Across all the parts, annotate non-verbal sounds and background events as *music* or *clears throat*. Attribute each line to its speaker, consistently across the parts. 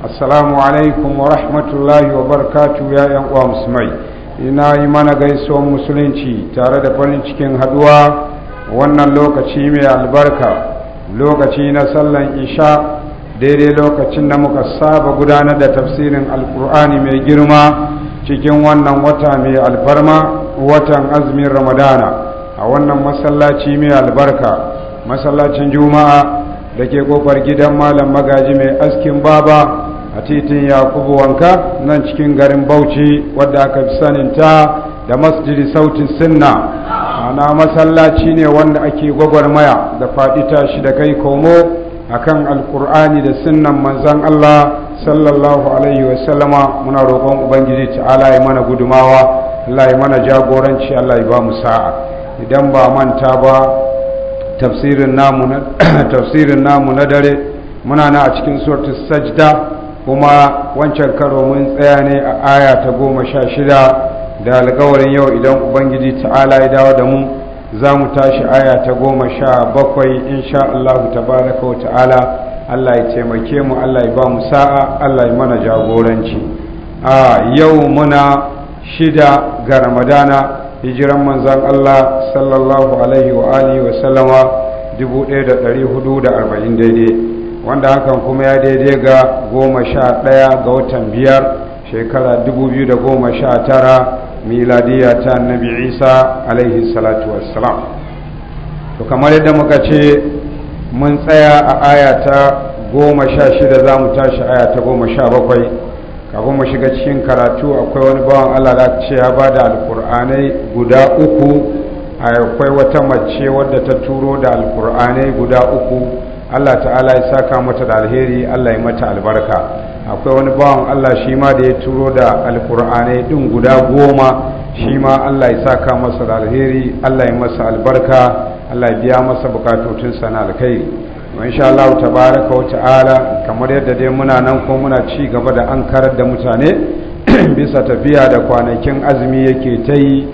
Speaker 1: assalamu alaikum wa rahmatullahi wa barakatu ya yan uwa musulmai ina yi mana gaisuwan musulunci tare da farin cikin haduwa wannan lokaci mai albarka lokaci na sallan isha daidai lokacin da muka saba gudanar da tafsirin alkur'ani mai girma cikin wannan wata mai alfarma watan azumin ramadana a wannan masallaci mai albarka masallacin juma'a da ke kofar gidan malam magaji mai askin baba a titin yakubu wanka nan cikin garin bauchi wadda aka fi saninta da masjidi sautin sinna ana masallaci ne wanda ake gwagwarmaya da faɗi shi da kai komo a kan alkur'ani da sunnan manzan Allah sallallahu alaihi wasallama muna roƙon ubangiji ta'ala alayi mana gudumawa Allah mana jagoranci Allah ba mu sa'a idan ba manta ba tafsirin namu na *clears throat* dare muna na a cikin suratul sajda kuma wancan karo mun tsaya ne a aya ta goma sha shida da alkawarin yau idan ubangiji ta'ala ya dawo da mu za mu tashi aya ta goma sha bakwai insha allahu tabaraka wa ta'ala allah ya taimake mu allah ya ba mu sa'a allah ya mana jagoranci a yau muna shida ga ramadana hijiran manzan allah sallallahu alaihi wa alihi wa sallama 1440 daidai wanda hakan kuma ya daidai ga goma sha ɗaya ga watan biyar shekara dubu biyu da goma sha tara miladiya ta annabi isa alaihi salatu wassalam
Speaker 2: to kamar yadda muka ce
Speaker 1: mun tsaya a aya ta goma sha shida za mu tashi aya ta goma sha bakwai kafin mu shiga cikin karatu akwai wani bawan allah da ce ya ba da alkur'anai guda uku akwai wata mace wadda ta turo da alkur'anai guda uku Allah ta'ala ya saka mata da alheri Allah ya mata albarka akwai wani bawan Allah shi ma da ya turo da alkur'anai din guda goma shi ma Allah ya saka masa da alheri Allah ya masa albarka Allah ya biya masa sa na alkhairi wa insha Allah tabaraka wa ta'ala kamar yadda dai muna nan ko muna ci gaba da ankarar da mutane *clears throat* bisa tafiya da kwanakin azumi yake ta yi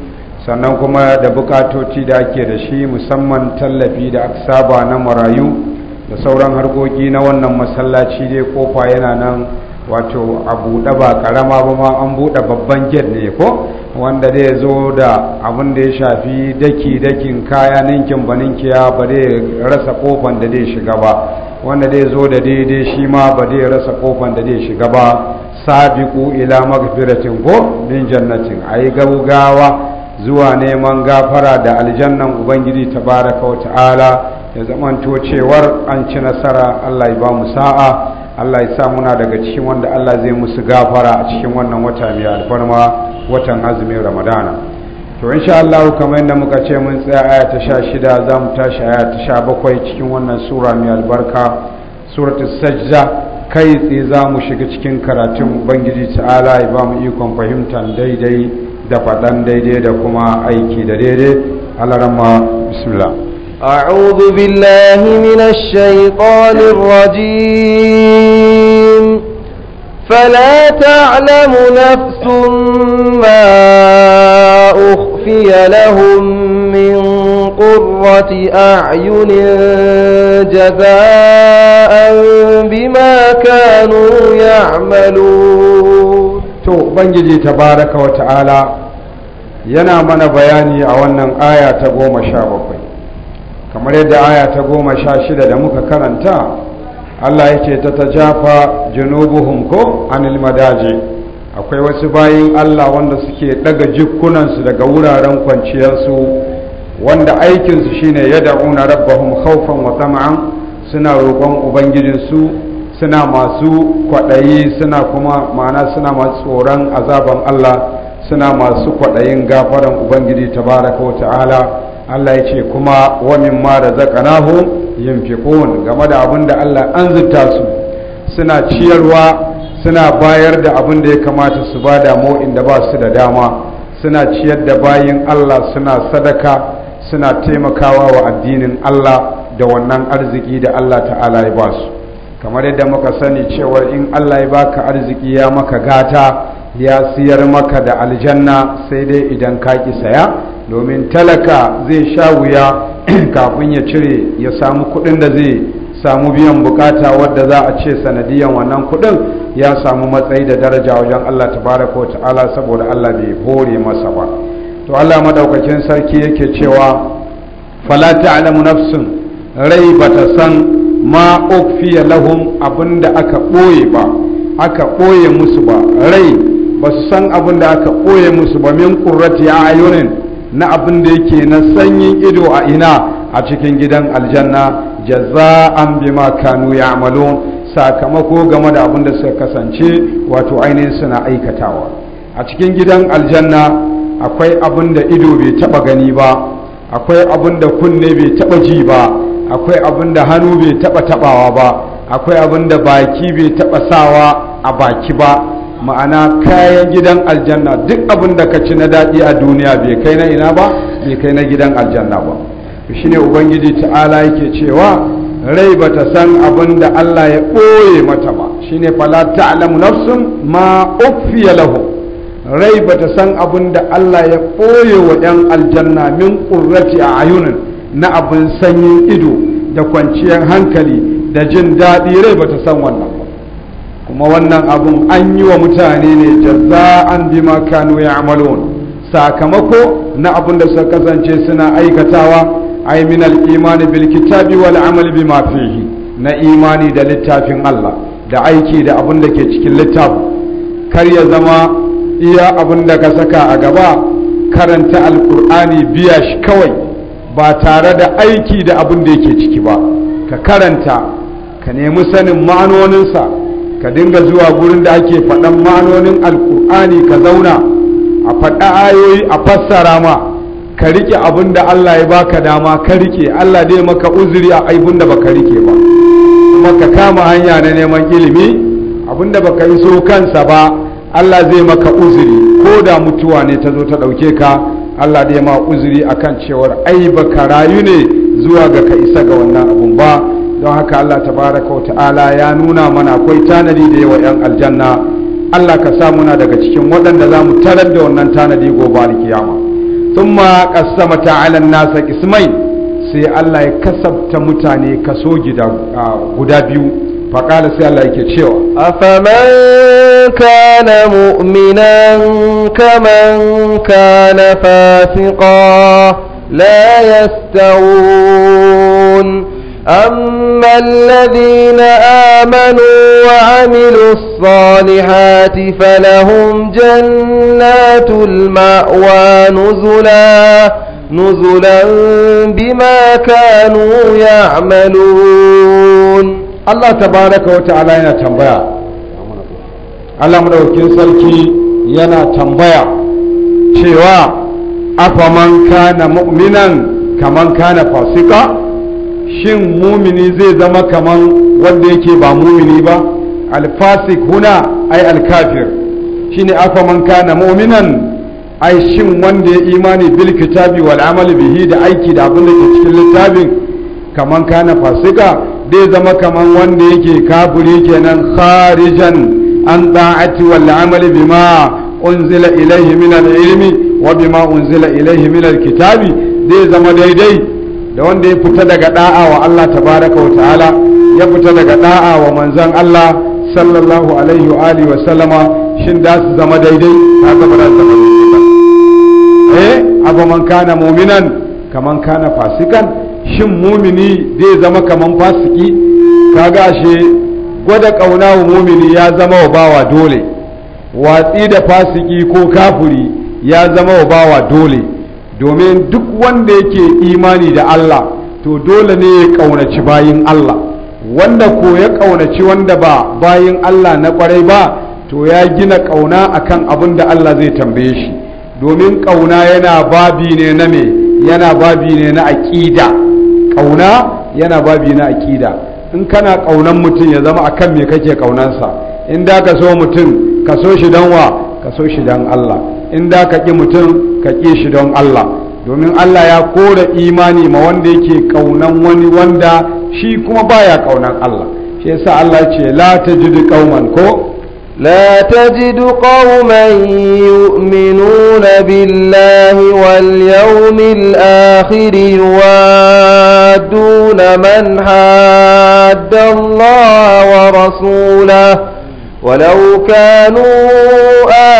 Speaker 1: sannan kuma da bukatoci da ake da shi musamman tallafi da aka saba na marayu da sauran harkoki na wannan masallaci dai kofa yana nan wato a buɗe ba ƙarama ba ma an buɗe babban get ne ko wanda zai zo da abin da ya shafi daki dakin kaya ninkin ba baninkiya ba zai rasa kofan da zai shiga ba wanda zai zo da daidai shi ma ba zai rasa kofan da zai shiga ba ku ila magfiratin ko min jannatin ayi gaugawa zuwa neman gafara da aljannan ubangiji tabaraka wa ta'ala ya zamanto cewar an ci nasara Allah ya ba mu sa'a Allah ya sa muna daga cikin wanda Allah zai musu gafara a cikin wannan wata mai alfarma watan azumin Ramadana to insha Allah kamar yadda muka ce mun tsaya aya ta sha shida za mu tashi aya ta sha bakwai cikin wannan sura mai albarka suratul sajda kai tsaye za mu shiga cikin karatun ubangiji ta'ala ya ba mu ikon fahimtar daidai da faɗan daidai da kuma aiki da daidai alarama bismillah
Speaker 2: أعوذ بالله من الشيطان الرجيم فلا تعلم نفس ما أخفي لهم من قرة أعين جزاء بما كانوا يعملون تو بنجي
Speaker 1: تبارك وتعالى yana mana bayani a wannan aya ta goma sha bakwai kamar yadda aya ta goma sha shida da muka karanta Allah ya ta ta jafa junubuhum ko anil madaji akwai wasu bayin Allah wanda suke daga jikunansu daga wuraren kwanciyarsu wanda aikinsu shine ya da'una rabbahum khawfan wa tam'an suna roƙon ubangijinsu suna masu kwaɗayi suna kuma ma'ana suna masu tsoron azaban Allah suna masu kwaɗayin gafaran ubangiji tabaraka wa ta'ala Allah ya ce kuma wa nahu yin yunfiqun game da abin da Allah an zuta su suna ciyarwa suna bayar da abin da ya kamata su ba da inda ba su da dama suna ciyar da bayin Allah suna sadaka suna taimakawa wa addinin Allah da wannan arziki da Allah ta'ala ya ba su kamar yadda muka sani cewa in Allah ya baka arziki ya maka gata ya siyar maka da aljanna sai dai idan ka ki saya domin talaka zai sha wuya *clears throat* kafin ya cire ya samu kuɗin da zai samu biyan bukata wadda za a ce sanadiyan wannan kuɗin ya samu matsayi da daraja wajen Allah tabaraka wa ta'ala saboda Allah bai hore masa ba to Allah madaukakin sarki yake cewa fala ta'lamu nafsun rai bata san ma ukfiya lahum abinda aka ɓoye ba aka ɓoye musu ba rai ba su san abinda aka ɓoye musu ba min qurrati ayunin na abin da yake na sanyin ido a ina a cikin gidan aljanna an bi ma kanu amalo sakamako game da abin da suka kasance wato ainihin suna aikatawa a cikin gidan aljanna akwai abin da ido bai taba gani ba akwai abin da kunne bai taba ji ba akwai abin da hannu bai taba tabawa ba akwai abin da baki bai taba sawa a baki ba ma'ana kayan gidan aljanna duk abin da ka ci na daɗi a duniya bai kai na ina ba bai kai na gidan aljanna ba shi ne ubangiji ta'ala yake cewa rai ba ta san abin da allah ya ɓoye mata ba shi ne fala nafsun ma ufiya lahu rai ba ta san abin da allah ya ɓoye wa ɗan aljanna min ƙurrati a ayunin na abin sanyin ido da kwanciyar hankali da jin daɗi rai ba ta san wannan kuma wannan abun an yi wa mutane ne jaza'an bima kanu ya'malun sakamako na abun da suka kasance suna aikatawa ay min al-iman bil kitabi wal amal bima fihi na imani da littafin Allah da aiki da abun da ke cikin littafin kar ya zama iya abun da ka saka a gaba karanta alkur'ani biya shi kawai ba tare da aiki da abun da yake ciki ba ka karanta ka nemi sanin ma'anoninsa ka dinga zuwa gurin da ake faɗan ma'anonin alkur'ani ka zauna a faɗa ayoyi a fassara ma ka rike abin da Allah ya baka dama ka rike Allah dai maka uzuri a aibun da baka rike ba kuma ka kama hanya na neman ilimi abin da baka iso kansa ba Allah zai maka uzuri ko da mutuwa ne ta zo ta ɗauke ka Allah dai ma uzuri akan cewar ai baka rayu ne zuwa ga ka isa ga wannan abun ba don haka Allah tabaraka wa ta'ala ya nuna mana akwai tanadi da yawa 'yan aljanna Allah ka sa muna daga cikin waɗanda za mu tarar da wannan tanadi gobe alkiyama thumma qassama ta'ala nasa ismai sai Allah ya kasabta mutane kaso gida guda biyu faƙala sai Allah yake cewa
Speaker 2: afaman kana mu'minan kaman kana fasiqa la yastawun أما الذين آمنوا وعملوا الصالحات فلهم جنات المأوى نزلا نزلا بما كانوا يعملون الله تبارك وتعالى يا تنبيا
Speaker 1: Allah madaukin sarki yana tambaya cewa afaman kana mu'minan kaman kana fasika shin mumini zai zama kaman wanda yake ba mumini ba alfasik huna ai alkafir shine afa man kana mu'minan ai shin wanda ya imani bil kitabi wal amali bihi da aiki da abin da ke cikin littafin kaman kana fasika zai zama kaman wanda yake kafiri kenan kharijan an da'ati wal amali bima unzila ilayhi min al ilmi wa bima unzila ilayhi min al kitabi zai zama daidai da wanda ya fita daga da'a wa Allah tabaraka wa ta'ala ya fita daga da'a wa manzan Allah sallallahu alaihi wa alihi wa sallama shin da su zama daidai ta zama da zama daidai eh abu man kana mu'minan kaman kana fasikan shin mumini zai zama kaman fasiki kaga ashe gwada kauna wa mumini ya zama wa bawa dole watsi da fasiki ko kafuri ya zama wa bawa dole domin duk wanda yake imani da Allah to dole ne ya ƙaunaci bayin Allah wanda ko ya ƙaunaci wanda ba bayin Allah na ƙwarai ba to ya gina ƙauna akan abin da Allah zai tambaye shi domin ƙauna yana babi ne na me yana babi ne na aƙida ƙauna yana babi na aƙida in kana ƙaunan mutum ya zama akan me kake ƙaunansa in da ka so mutum ka so shi don wa ka so shi don Allah in da ka ƙi mutum ka ƙi shi don Allah domin Allah ya koda imani ma wanda yake ƙaunan wani wanda shi kuma baya ƙaunan Allah shi yasa Allah ce la tajidu qauman ko
Speaker 2: لا تجد قوما يؤمنون بالله واليوم الآخر يوادون من حاد الله ورسوله ولو كانوا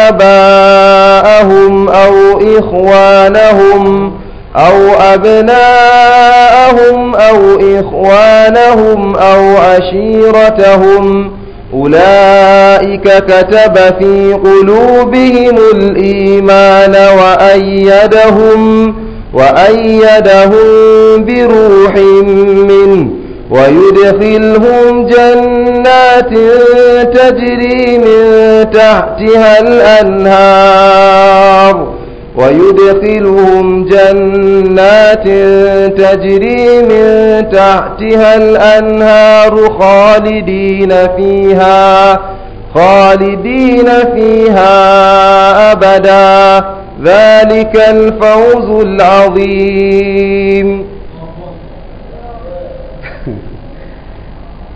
Speaker 2: آباءهم أو إخوانهم أو أبناءهم أو إخوانهم أو عشيرتهم أولئك كتب في قلوبهم الإيمان وأيدهم وأيدهم بروح منه ويدخلهم جنات تجري من تحتها الأنهار ويدخلهم جنات تجري من تحتها الأنهار خالدين فيها خالدين فيها أبدا ذلك الفوز العظيم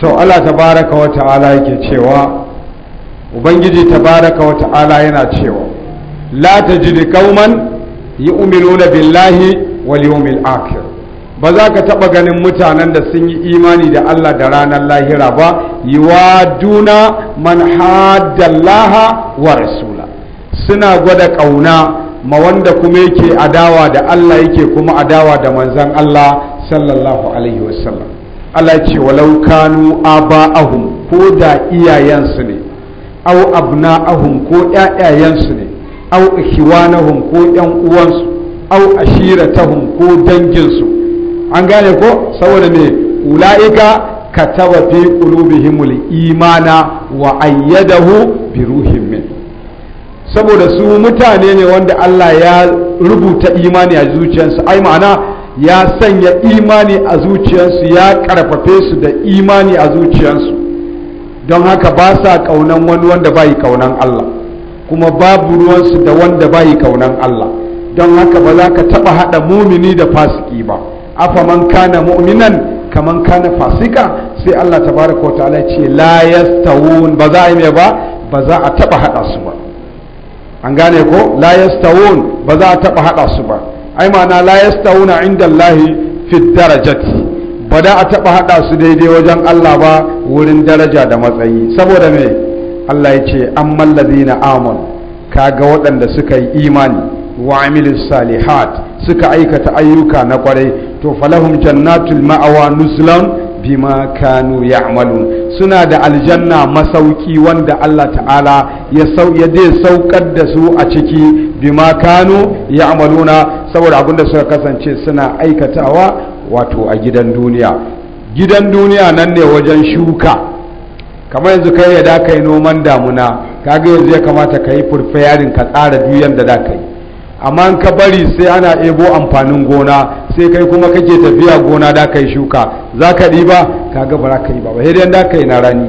Speaker 1: to Allah tabaraka wa ta'ala yake cewa ubangiji tabaraka wa ta'ala yana cewa la tajidu qauman yu'minuna billahi wal yawmil akhir ba za ka taɓa ganin mutanen da sun yi imani da Allah da ranar lahira ba yiwa duna man haddallaha wa rasula suna gwada ƙauna ma wanda kuma yake adawa da Allah yake kuma adawa da manzan Allah sallallahu alaihi wasallam Allah ce walau kanu aba'ahum ko da iyayensu ne aw abna'ahum ko ƴaƴayensu ne aw ikhwanahum ko ƴan uwansu aw ashiratahum ko danginsu an gane ko saboda me ulaika kataba fi qulubihimul imana wa ayyadahu bi ruhin min saboda su mutane ne wanda Allah ya rubuta imani a zuciyarsu ai ma'ana ya sanya imani a zuciyarsu ya karfafe su da imani a zuciyarsu don haka ba sa kaunan wani wanda bai kaunan Allah kuma babu ruwansu da wanda bai kaunan Allah don haka ba za ka taɓa hada mumini da fasiki ba afa man kana mu'minan kaman kana fasika sai Allah tabaraka wa ta'ala ce la yastawun ba za a yi ba ba za a taɓa hada su ba an gane ko la yastawun ba za a taɓa hada su ba ai ma'ana la yastawuna inda Allahi fi darajati ba da a taba hada su daidai wajen Allah ba wurin daraja da matsayi saboda me Allah ya ce amman na aman kaga waɗanda suka yi imani wa amilus salihat suka aikata ayyuka na kwarai to falahum jannatul ma'awa nuzlan bima kanu ya'malun suna da aljanna masauki wanda Allah ta'ala ya sau ya dai saukar da su a ciki bima kanu ya'maluna saboda abinda suka kasance suna aikatawa wato a gidan duniya gidan duniya nan ne wajen shuka kamar yanzu kai ya da kai noman damuna kaga yanzu ya kamata ka yi furfayarin ka tsara duyan da da kai amma in ka bari sai ana ebo amfanin gona sai kai kuma kake tafiya gona da kai shuka za ka ba ka ba za ka yi ba ba da ka yi na rani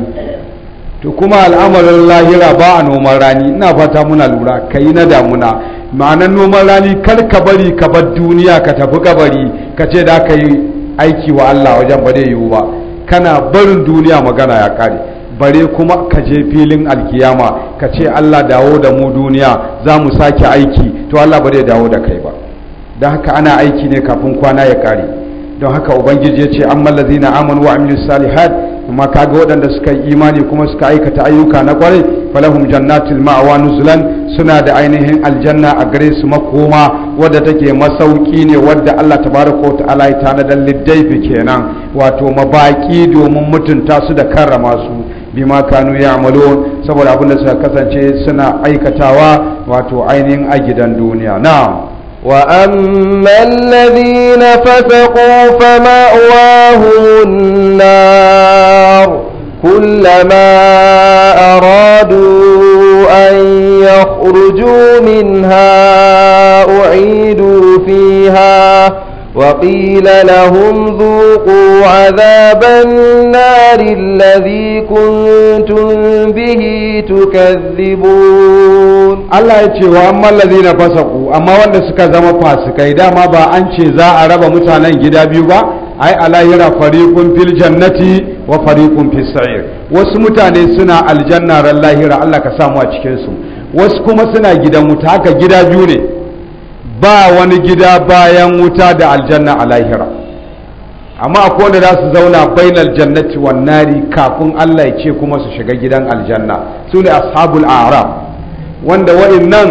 Speaker 1: to kuma al'amarin lahira ba a noman rani ina fata muna lura ka yi na damuna ma'anan noman rani kar ka bari ka bar duniya ka tafi kabari ka ce da ka yi aiki wa Allah wajen ba zai yiwu ba kana barin duniya magana ya kare bare kuma ka je filin alkiyama ka ce Allah dawo da mu duniya za mu sake aiki to Allah ba zai dawo da kai ba don haka ana aiki ne kafin kwana ya kare don haka ubangiji ya ce amma na amanu wa amilu salihat amma kaga waɗanda suka yi imani kuma suka aikata ayyuka na kwarai falahum jannatul ma'awa nuzulan suna da ainihin aljanna a gare su makoma wadda take masauki ne wadda Allah tabaraka wa ta'ala ya tanadar kenan wato mabaki domin mutunta su da karrama su بما كانوا يعملون سبب أبو الله سكتن شيء سنة أي كتاوى وتعينين أجدا دنيا
Speaker 2: نعم وأما الذين فسقوا فمأواهم النار كلما أرادوا أن يخرجوا منها أعيدوا فيها وقيل لهم ذوقوا عذاب النار الذي كنتم به تكذبون الله يتي واما الذين فسقوا
Speaker 1: اما وند suka zama fasikai dama ba an ce za a raba mutanen gida biyu ba ai alayira fariqun fil jannati wa fariqun fis sa'ir wasu mutane suna aljannaran lahira Allah ka samu a cikinsu, wasu kuma suna gidan wuta haka gida biyu ne ba wani gida bayan wuta da aljanna a lahira amma akwai wanda za su zauna bainal jannati wan nari kafin Allah ya ce kuma su shiga gidan aljanna su ne ashabul araf wanda wa'annan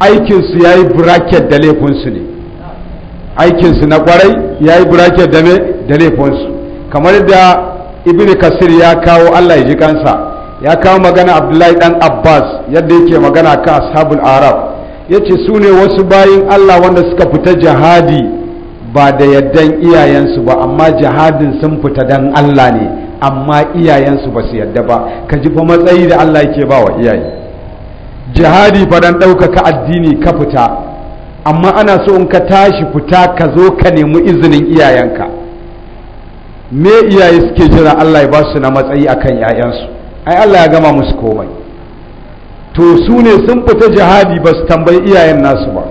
Speaker 1: aikinsu ya yi bracket da su ne aikinsu na kwarai yayi yi bracket da me da su kamar da ibn kasir ya kawo Allah ya ji kansa ya kawo magana abdullahi dan abbas yadda yake magana ka ashabul araf ya ce su ne wasu bayan Allah wanda suka fita jihadi ba da yaddan iyayensu ba amma jihadin sun fita dan Allah ne amma iyayensu ba su yadda ba ka ji fa matsayi da Allah yake ba wa iyaye jihadi fa don ɗaukaka addini ka fita amma ana so in ka tashi fita ka zo ka nemi izinin iyayenka me iyaye suke jira Allah ya ba su na matsayi akan 'ya'yansu ai Allah ya gama musu komai to su ne sun fita jihadi ba su tambayi iyayen nasu ba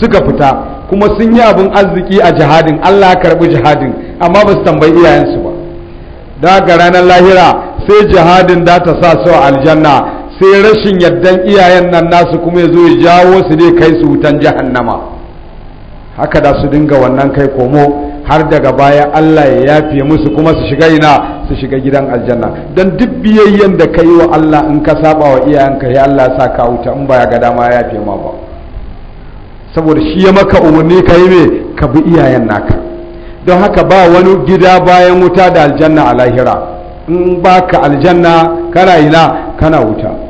Speaker 1: suka fita kuma sun yi abin arziki a jihadin Allah karbi jihadin amma ba su tambayi iyayensu ba daga ranar lahira sai jihadin da ta sa su aljanna sai rashin yardan iyayen nan nasu kuma ya zo ya jawo su ne kai su wutan jahannama haka da su dinga wannan kai komo har daga baya Allah ya yafe musu kuma su shiga ina su shiga gidan aljanna don duk biyayyen da ka yi wa Allah in ka saba wa iyayenka ya Allah sa ka wuta in baya ga dama ya yafe ma ba saboda shi ya maka umarni ka yi me ka bi iyayen naka don haka ba wani gida bayan wuta da aljanna a lahira in baka aljanna kana ina kana wuta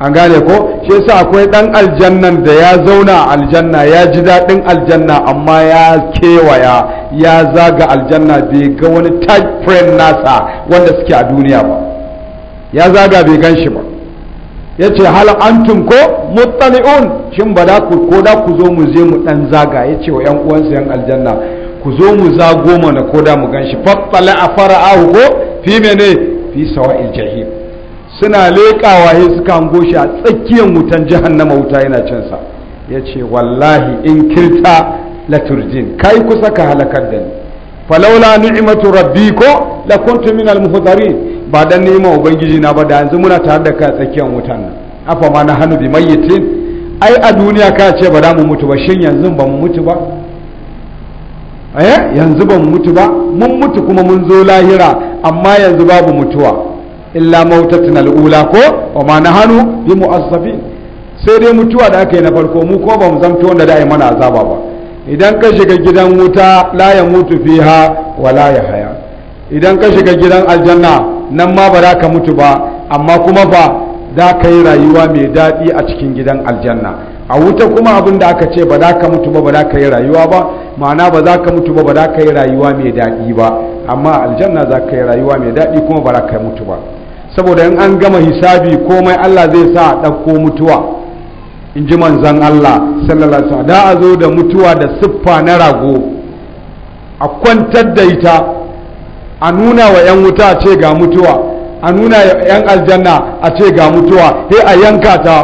Speaker 1: an gane ko shi yasa akwai dan aljannan da ya zauna aljanna ya ji daɗin aljanna amma ya kewaya ya zaga aljanna bai ga wani type friend nasa wanda suke a duniya ba ya zaga bai ganshi ba ya ce hal antum ko muttali'un shin ba da ku ko da ku zo mu je mu dan zaga ya ce wa yan uwansa yan aljanna ku zo mu zago mana ko da mu gan shi fattala a fara'ahu ko fi mene fi sawa'il jahim suna leƙawa ya suka hango shi a tsakiyar wutan na wuta yana cinsa ya ce wallahi in kirta laturjin kai kusa ka halakar da ni falaula ni'matu rabbi ko la kuntu min al ba dan neman ubangiji na ba da yanzu muna tare da kai a tsakiyar wutan nan afa ma na hanu bi mayyitin ai a duniya ka ce ba za mu mutu ba shin yanzu ba mu mutu ba eh yanzu ba mu mutu ba mun mutu kuma mun zo lahira amma yanzu babu mutuwa illa mautatuna al'ula ko wa ma hannu yi mu'azzafi sai dai mutuwa da aka yi na farko mu ko ba mu zamto wanda da yi mana azaba ba idan ka shiga gidan wuta la ya mutu ha wa la ya haya idan ka shiga gidan aljanna nan ma ba za ka mutu ba amma kuma fa za ka yi rayuwa mai daɗi a cikin gidan aljanna a wuta kuma abin da aka ce ba za ka mutu ba ba za ka yi rayuwa ba ma'ana ba za ka mutu ba ba za ka yi rayuwa mai daɗi ba amma aljanna za ka yi rayuwa mai daɗi kuma ba za ka mutu ba saboda in an gama hisabi komai Allah zai sa a ɗauko mutuwa in ji manzan Allah sallallahu da a zo da mutuwa da siffa na rago a kwantar da ita a nuna wa 'yan wuta a ce ga mutuwa a nuna 'yan aljanna a ce ga mutuwa sai a yanka ta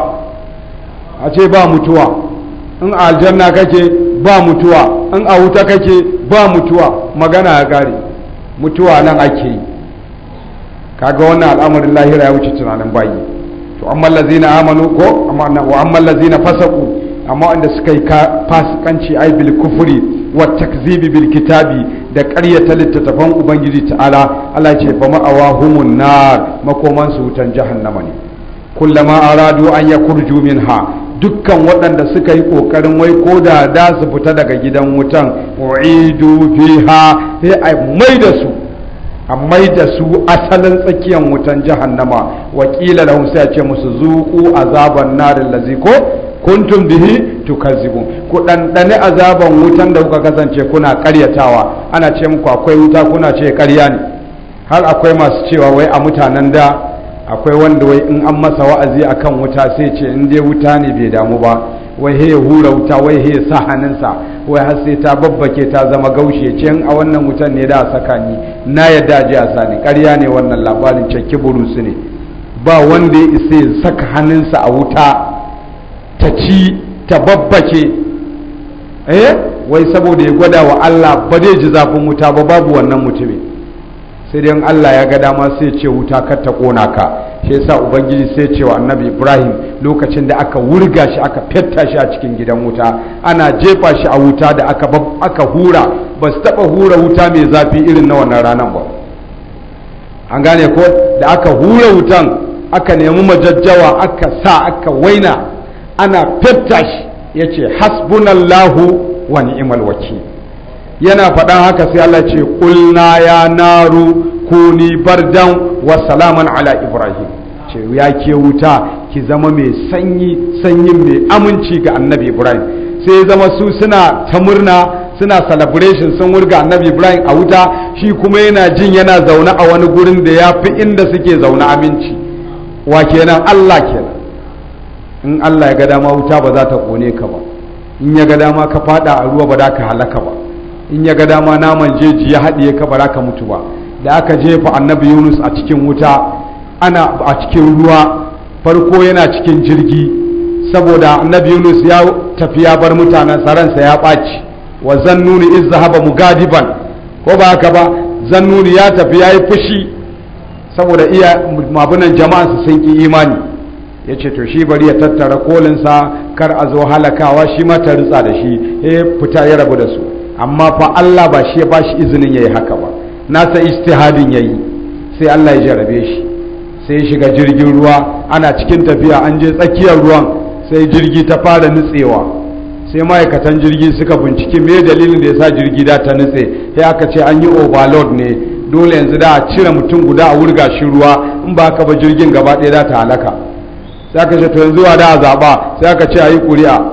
Speaker 1: a ce ba mutuwa in a aljanna kake ba mutuwa in a wuta kake ba mutuwa magana ya gare mutuwa nan ake yi kaga wannan al'amarin lahira ya wuce tunanin bayi to amma lazina amanu ko wa amma lazina fasaku amma wanda suka yi fasikanci ai bil kufri wa takzibi bil kitabi da ƙaryata littattafan ubangiji ta'ala Allah ce fa ma'awahumun nar makoman su wutan jahannama ne kullama aradu an yakurju minha dukkan waɗanda suka yi ƙoƙarin wai ko da da su fita daga gidan wutan u'idu fiha sai a mai da su a mai da su asalin tsakiyar wutan jahannama wakila lahum sai a ce musu zuku azaban narin Laziko, ko kuntum bihi tukazzibun ku ɗanɗani azaban wutan da kuka kasance kuna karyatawa. ana ce muku akwai wuta kuna ce karya ne har akwai masu cewa wai a mutanen da akwai wanda wai in an masa wa'azi akan wuta sai ce in dai wuta ne bai damu ba wai he hura wuta wai he sa hannunsa wai har sai ta babbake ta zama gaushe can a wannan wutan ne da saka ni na yadda ji a sani ƙarya ne wannan labarin cakki burusu ne ba wanda ya isa ya saka hannunsa a wuta ta ci ta babbake eh wai saboda ya gwada wa Allah ba zai ji zafin wuta ba babu wannan mutumin sai dai Allah ya ga dama sai ya ce wuta kar ta kona ka shi yasa ubangiji sai cewa annabi ibrahim lokacin da aka wurga shi aka fetta shi a cikin gidan wuta ana jefa shi a wuta da aka aka hura ba su taba hura wuta mai zafi irin na wannan ranar ba an gane ko da aka hura wutan aka nemi majajjawa aka sa aka waina ana fetta shi yace hasbunallahu wa ni'mal wakil yana faɗan haka sai Allah ce kulna ya naru kuni bardan wa salaman ala ibrahim ce ya ke wuta ki zama mai sanyi sanyin mai aminci ga annabi ibrahim sai zama su suna ta murna suna celebration sun wurga annabi ibrahim a wuta shi kuma yana jin yana zaune a wani gurin da ya fi inda suke zaune aminci wa kenan allah kenan in allah ya ga dama wuta ba za ta kone ka ba in ya ga dama ka fada a ruwa ba za ka halaka ba in ya ga dama naman jeji ya haɗiye ka ba za ka mutu ba da aka jefa annabi yunus a cikin wuta ana a cikin ruwa farko yana cikin jirgi saboda annabi yunus ya tafi ya bar mutanen saransa ya ɓaci wa zannuni iz zahaba mugadiban ko ba haka ba zannuni ya tafi ya yi fushi saboda iya mabunan jama'ansa sun ki imani ya ce to shi bari ya tattara kolinsa kar a zo halakawa shi ma ta ritsa da shi ya fita ya rabu da su amma fa Allah ba shi ya ba shi izinin ya yi haka ba nasa ijtihadin ya yi sai Allah ya jarabe shi sai shiga jirgin ruwa ana cikin tafiya an je tsakiyar ruwan sai jirgi ta fara nutsewa sai ma'aikatan jirgi suka binciki me dalilin da ya sa jirgi da ta nutse sai aka ce an yi overload ne dole yanzu da a cire mutum guda a wurga shi ruwa in ba ka ba jirgin gaba ɗaya da ta halaka sai aka ce to yanzu wa da a zaɓa sai aka ce a yi ƙuri'a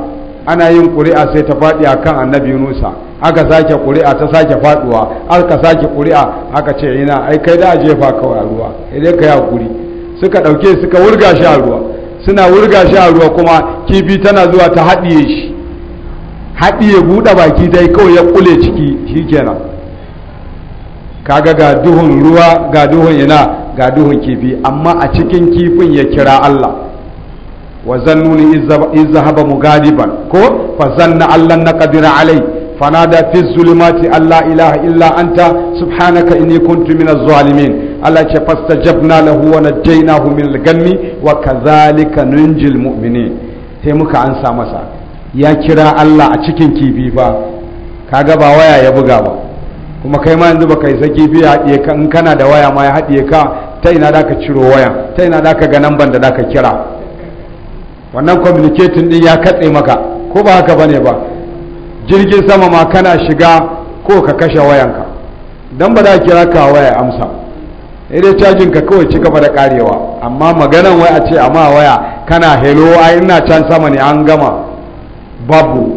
Speaker 1: ana yin ƙuri'a sai ta faɗi a kan annabi nusa aka sake ƙuri'a ta sake faɗuwa aka sake ƙuri'a aka ce ina ai kai da a jefa kawai a ruwa idan ka yi haƙuri suka ɗauke suka wurga shi a ruwa suna wurga shi a ruwa kuma kifi tana zuwa ta haɗiye shi haɗiye buɗe baki dai kawai ya ƙule ciki kenan kaga ga duhun ruwa ga duhun ina ga duhun kifi amma a cikin kifin ya kira Allah wa zannuni iz zahaba mugadiban ko fa zanna Allah na qadira alai fanada fi zulumati Allah ilaha illa anta subhanaka inni kuntu minaz zalimin Allah ce jabna lahu wa najjaynahu min al-gammi wa kadhalika nunjil mu'minin sai muka ansa masa ya kira Allah a cikin kifi ba kaga ba waya ya buga ba kuma kai ma yanzu baka isa kibi ya haɗiye ka in kana da waya ma ya haɗiye ka ta ina da ka ciro waya ta ina da ka ga namban da da ka kira wannan communicating ɗin ya katse maka ko ba haka bane ba jirgin sama ma kana shiga ko ka kashe wayanka dan ba da kira ka waya amsa dai cajin ka kawai ci gaba da karewa amma maganan wai a ce amma waya kana helo, ai ina can sama ne an gama babu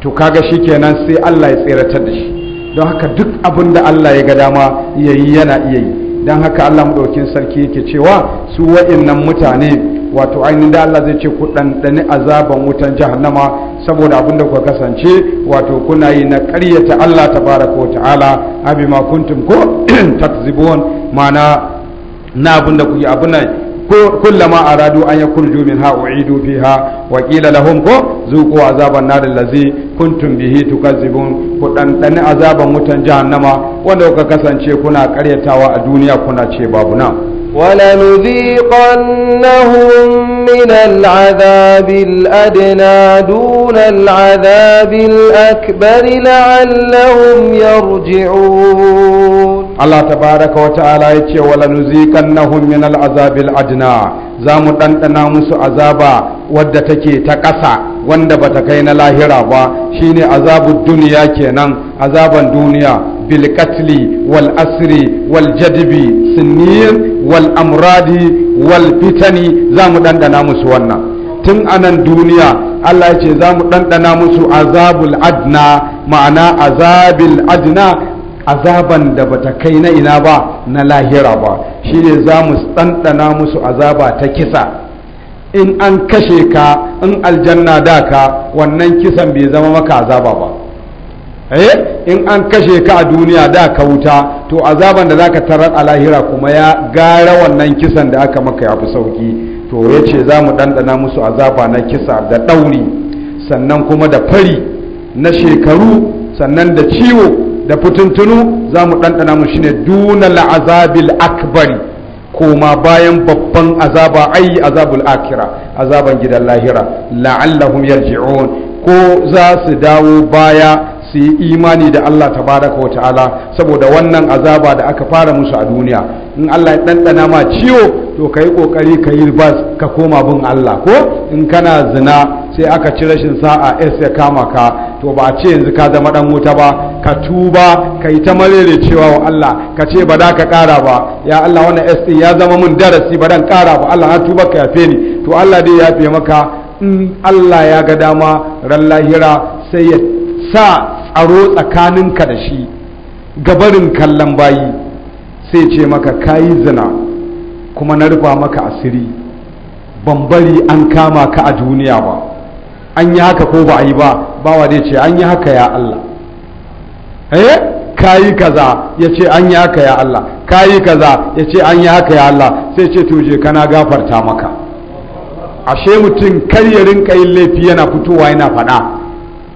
Speaker 1: to kaga kenan sai Allah ya tseratar da shi don haka duk abin da Allah ya ga dama yayi yana iya yi don haka Allah maɗaukin sarki yake cewa su waannan mutane wato ainihin da Allah zai ce ku ɗanɗani azaban wutan jahannama saboda abin da kuka kasance wato kuna yi na ƙaryata Allah ta fara ko ta'ala abi ma ko *clears throat* tatzibun mana na abin da kuke abin nan kullama aradu an ya kurju min ha uidu fiha wa qila lahum ko azaban nar allazi kuntun bihi tukazzibun ko dan dan azaban mutan jahannama
Speaker 2: wanda kuka kasance
Speaker 1: kuna karyatawa a duniya kuna ce babu na'am
Speaker 2: ولنذيقنهم من العذاب الأدنى دون العذاب الأكبر لعلهم يرجعون
Speaker 1: الله تبارك وتعالى يتي ولنذيقنهم من العذاب الأدنى زامو تنتنا مسو عذابا ودتكي تقسى wanda bata kai na lahira ba shine azabud duniya kenan azaban duniya bil qatli wal asri wal jadbi sinnin wal amradi wal fitani za mu ɗanɗana musu wannan tun anan duniya Allah ya ce za mu ɗanɗana musu azabul adna ma'ana azabil adna azaban da bata kai na ina ba na lahira ba shi ne za mu ɗanɗana musu azaba ta kisa in an kashe ka in aljanna da ka wannan kisan bai zama maka azaba ba eh in an kashe ka a duniya da ka wuta to azaban da zaka tarar a lahira kuma ya gara wannan kisan da aka maka ya fi sauki to ya ce za mu ɗanɗana musu azaba na kisa da ɗauri sannan kuma da fari na shekaru sannan da ciwo da fitintunu za mu ɗanɗana mu shine duna la'azabil akbari koma bayan babban azaba ayi azabul akira azaban gidan lahira la'allahum yarji'un ko za su dawo baya su yi imani da Allah Ta baraka wa ta'ala saboda wannan azaba da aka fara musu a duniya in Allah ya ɗanɗana ma ciwo to ka yi ƙoƙari ka yi bas ka koma bin Allah ko in kana zina sai aka ci rashin sa'a s ya kama ka to ba a ce yanzu ka zama ɗan wuta ba ka tuba ka yi ta malele cewa wa Allah ka ce ba da ka ƙara ba ya Allah wannan s ya zama mun darasi ba dan ƙara ba Allah na tuba ka yafe ni to Allah dai ya yafe maka in Allah ya ga dama ran lahira sai ya sa tsakanin tsakaninka da shi gabarin kallon bayi sai ce maka kayi zina kuma na rufa maka asiri ban bari an kama ka a duniya ba an yi haka ko ba a yi ba bawa zai ce an yi haka ya Allah eh kayi kaza ya ce an yi haka ya Allah kayi kaza ya ce an yi haka ya Allah sai ce to je kana gafarta maka ashe mutum kar ya rinka yin laifi yana fitowa yana faɗa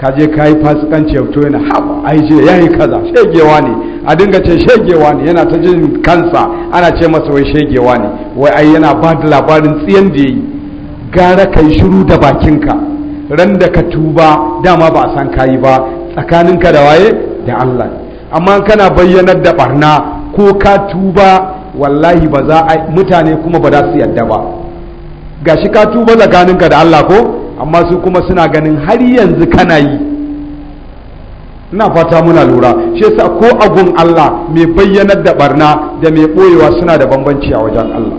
Speaker 1: ka je ka yi fasikanci fito yana haɓa yi je ya yi kaza shegewa ne a dinga ce shegewa ne yana ta jin kansa ana ce masa wai shegewa ne wai ai yana ba da labarin tsiyan da ya yi gara ka yi shiru da bakinka ran da ka tuba dama ba a san ka yi ba tsakaninka da waye da allah amma kana bayyanar da barna ko ka tuba wallahi ba za a mutane kuma ba za su yadda ba gashi ka tuba tsakaninka da allah ko amma su kuma suna ganin har yanzu kana yi ina fata muna lura shi yasa ko agun Allah mai bayyanar da barna da mai ɓoyewa suna da bambanci a wajen Allah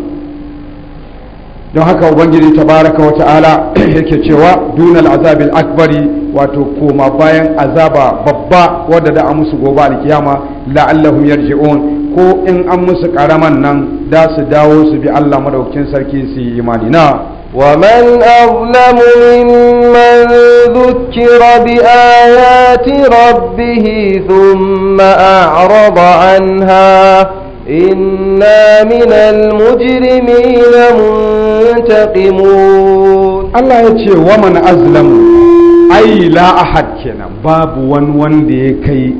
Speaker 1: don haka ubangiji tabaraka wa ta'ala *clears throat* yake cewa dunal azabil akbari wato koma bayan azaba babba wadda da a musu gobe alkiyama la'allahum yarji'un ko in an musu karaman nan da su dawo su bi Allah madaukakin
Speaker 2: sarki su yi imani na ومن أظلم ممن ذكر بآيات ربه ثم أعرض عنها إنا من المجرمين منتقمون الله يتشي ومن أظلم
Speaker 1: أي لا أحد كنا باب wani wanda ya kai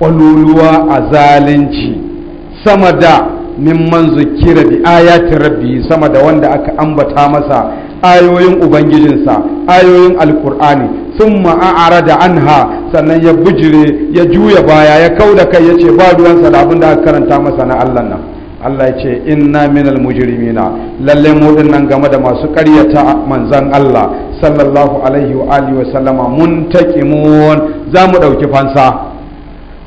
Speaker 1: ƙwaloluwa a zalunci mimman zukira bi ayatin rabbi sama da wanda aka ambata masa ayoyin ubangijinsa ayoyin alkur'ani sun ma'ara da anha sannan ya bijire ya juya baya ya kau da kai ya ce ba ruwan da abin da aka karanta masa na allah nan allah ya ce inna minal mujrimina lalle mu nan game da masu karyata manzan allah sallallahu alaihi wa alihi wa sallama muntakimun za mu ɗauki fansa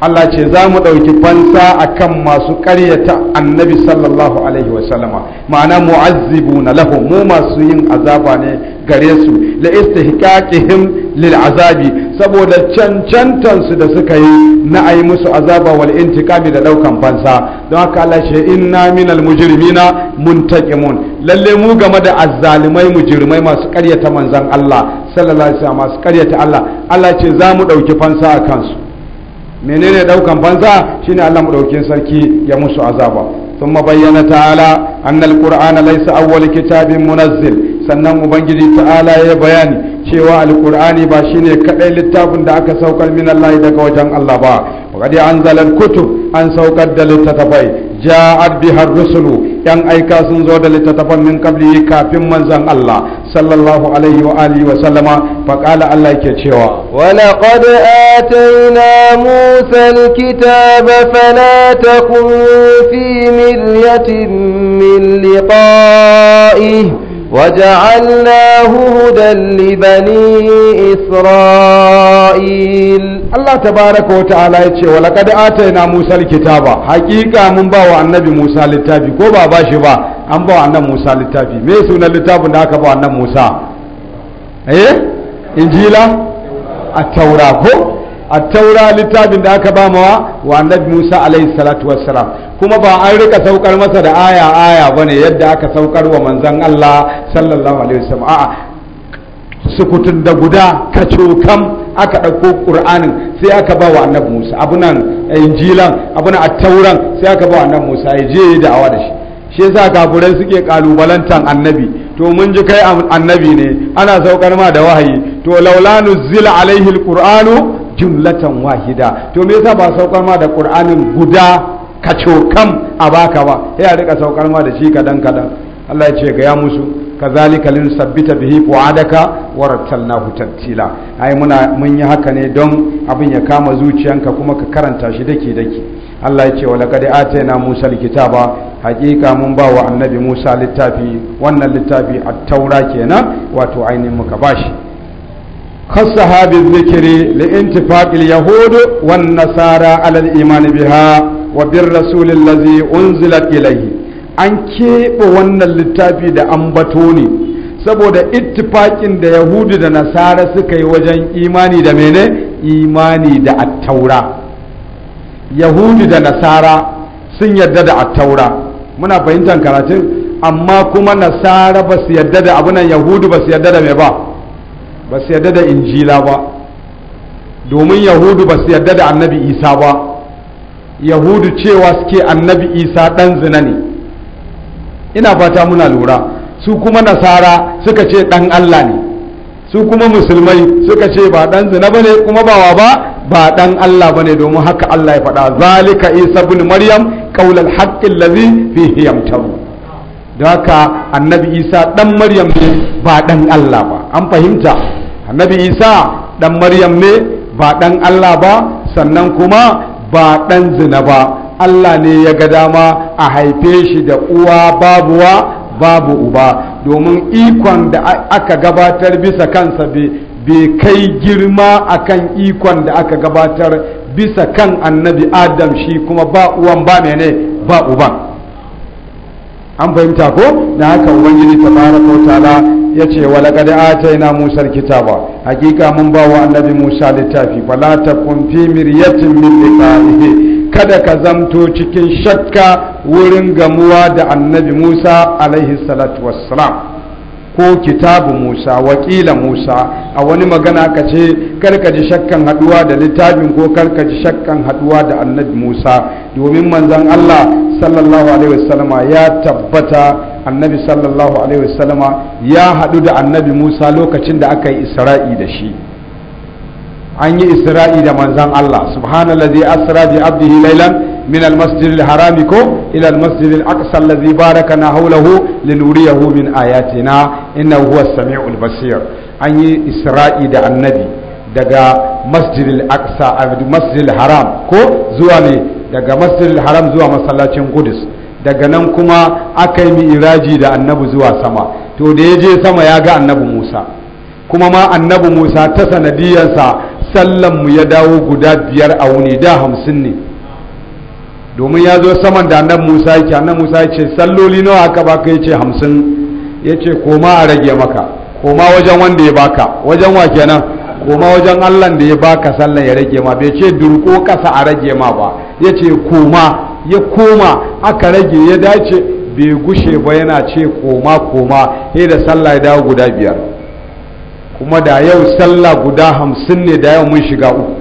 Speaker 1: Allah ce za mu ɗauki fansa a kan masu ƙaryata annabi sallallahu alaihi wasallama ma'ana mu'azzibu na lahu mu masu yin azaba ne gare su la istihqaqihim lil azabi saboda cancantansu da suka yi na ayi musu azaba wal intiqami da ɗaukan fansa don haka Allah ce inna minal mujrimina muntaqimun lalle mu game da azzalimai mujrimai masu ƙaryata manzon Allah sallallahu alaihi wasallama masu ƙaryata Allah Allah ce za mu ɗauki fansa a kansu menene daukan fansa shine Allah ɗaukin sarki ya musu azaba ثم بين تعالى أن القرآن ليس أول kitabin munazzil sannan ubangiji ta'ala ya bayani cewa alqur'ani ba shine kadai littafin da aka saukar min Allah daga wajen Allah ba wa qad anzala al-kutub an saukar da littattafai ja'at biha ar-rusulu yan aika sun zo da littattafan min qabli kafin manzon Allah sallallahu alaihi wa alihi wa sallama fa qala Allah yake cewa
Speaker 2: wa laqad atayna Musa alkitaba fala takun fi miryatin min liqa'ihi وجعلناه هدى لبني إسرائيل الله تبارك وتعالى يتشي ولقد آتينا موسى
Speaker 1: الكتاب حقيقة من باو النبي موسى للتابي كوبا باشبا أن باو النبي موسى للتابي ميسونا للتابي ناك باو النبي موسى إيه إنجيلا التوراة a taura littafin da aka ba mawa wa annabi Musa alaihi salatu wassalam kuma ba an rika saukar masa da aya aya bane yadda aka saukar wa manzon Allah sallallahu alaihi wasallam a'a sukutun da guda kacokam aka ɗauko ƙur'anin sai aka ba wa annabi Musa abunan eh, injilan abunan attauran sai aka ba wa annabi Musa ya je da awa da shi shi yasa kafurai suke kalubalantan annabi to mun ji kai annabi ne ana saukar ma da wahayi to laula nuzila alaihi alqur'anu jumlatan wahida to me yasa ba saukar ma da qur'anin guda kacokam a baka ba ya rika saukar ma da shi kadan kadan Allah ya ce ga ya musu kazalika lin sabbita bihi fuadaka wa rattalnahu tartila ai muna mun yi haka ne don abin ya kama zuciyanka kuma ka karanta shi dake dake Allah ya ce wa laqad atayna Musa alkitaba hakika mun ba wa annabi Musa littafi wannan littafi at-taura kenan wato ainihin muka bashi zikiri خصها بالذكر لانتفاق اليهود alal على الإيمان بها وبالرسول الذي an keɓe wannan كيب da an bato ni. saboda ittifakin da yahudu da nasara suka yi wajen imani da mene imani da attaura yahudu da nasara sun yadda da attaura muna fahimtar karatun amma kuma nasara ba su yadda da abunan yahudu ba su yadda da mai ba ba su yarda da injila ba domin yahudu ba su yarda da annabi isa ba yahudu cewa suke annabi isa ɗan zina ne ina fata muna lura su kuma nasara suka ce ɗan allah ne su kuma musulmai suka ce ba ɗan zina ba ne kuma bawa ba ba dan Allah bane domin haka Allah ya faɗa zalika Isa bin Maryam ƙaular haƙƙin lazi fi hiyamtaru da haka annabi Isa dan Maryam ne ba dan Allah ba an fahimta annabi isa dan maryam ne ba dan allah ba sannan kuma ba dan zina ba allah ne ya ga dama a haife shi da uwa babuwa babu uba domin ikon da aka gabatar bisa kansa bai kai girma akan ikon da aka gabatar bisa kan annabi adam shi kuma ba uwan ba mene ba uban an fahimta ko da haka ubangiji ta wa ta'ala ya ce wa ta ataina musa kitaba hakika mun ba wa annabi musa littafi la ta kunfi miryatin min liqa'ihi kada ka zamto cikin shakka wurin gamuwa da annabi musa alaihi salatu wassalam ko kitabu musa wakila musa a wani magana ka ce karka ji shakkan haduwa da littafin ko karka ji shakkan haduwa da annabi musa domin manzon allah sallallahu alaihi wasallama ya tabbata annabi sallallahu alaihi wasallama ya haɗu da annabi musa lokacin da aka yi isra'i da shi an yi isra'i da manzan allah subhanahu asra bi abdihi laylan min almasjid alharam ko ila almasjid alaqsa alladhi barakana hawlahu linuriyahu min ayatina innahu huwa as basir an yi isra'i da annabi daga masjid al-aqsa masjid ko zuwa ne daga masjid haram zuwa masallacin qudus daga nan kuma aka yi mi'iraji da annabi zuwa sama to da ya je sama ya ga annabi musa kuma ma annabi musa ta sanadiyarsa sallanmu ya dawo guda biyar a wuni da hamsin ne domin ya zo saman da annabi musa yake annabi musa ya ce salloli nawa aka baka ya ce hamsin ya ce koma a rage maka koma wajen wanda ya baka wajen wa kenan koma wajen allah da ya baka sallan ya rage ma bai ce durko kasa a rage ma ba ya ce koma ya koma aka rage ya dace bai gushe ba yana ce koma koma sai da sallah ya dawo guda biyar kuma da yau sallah guda hamsin ne da yau mun shiga uku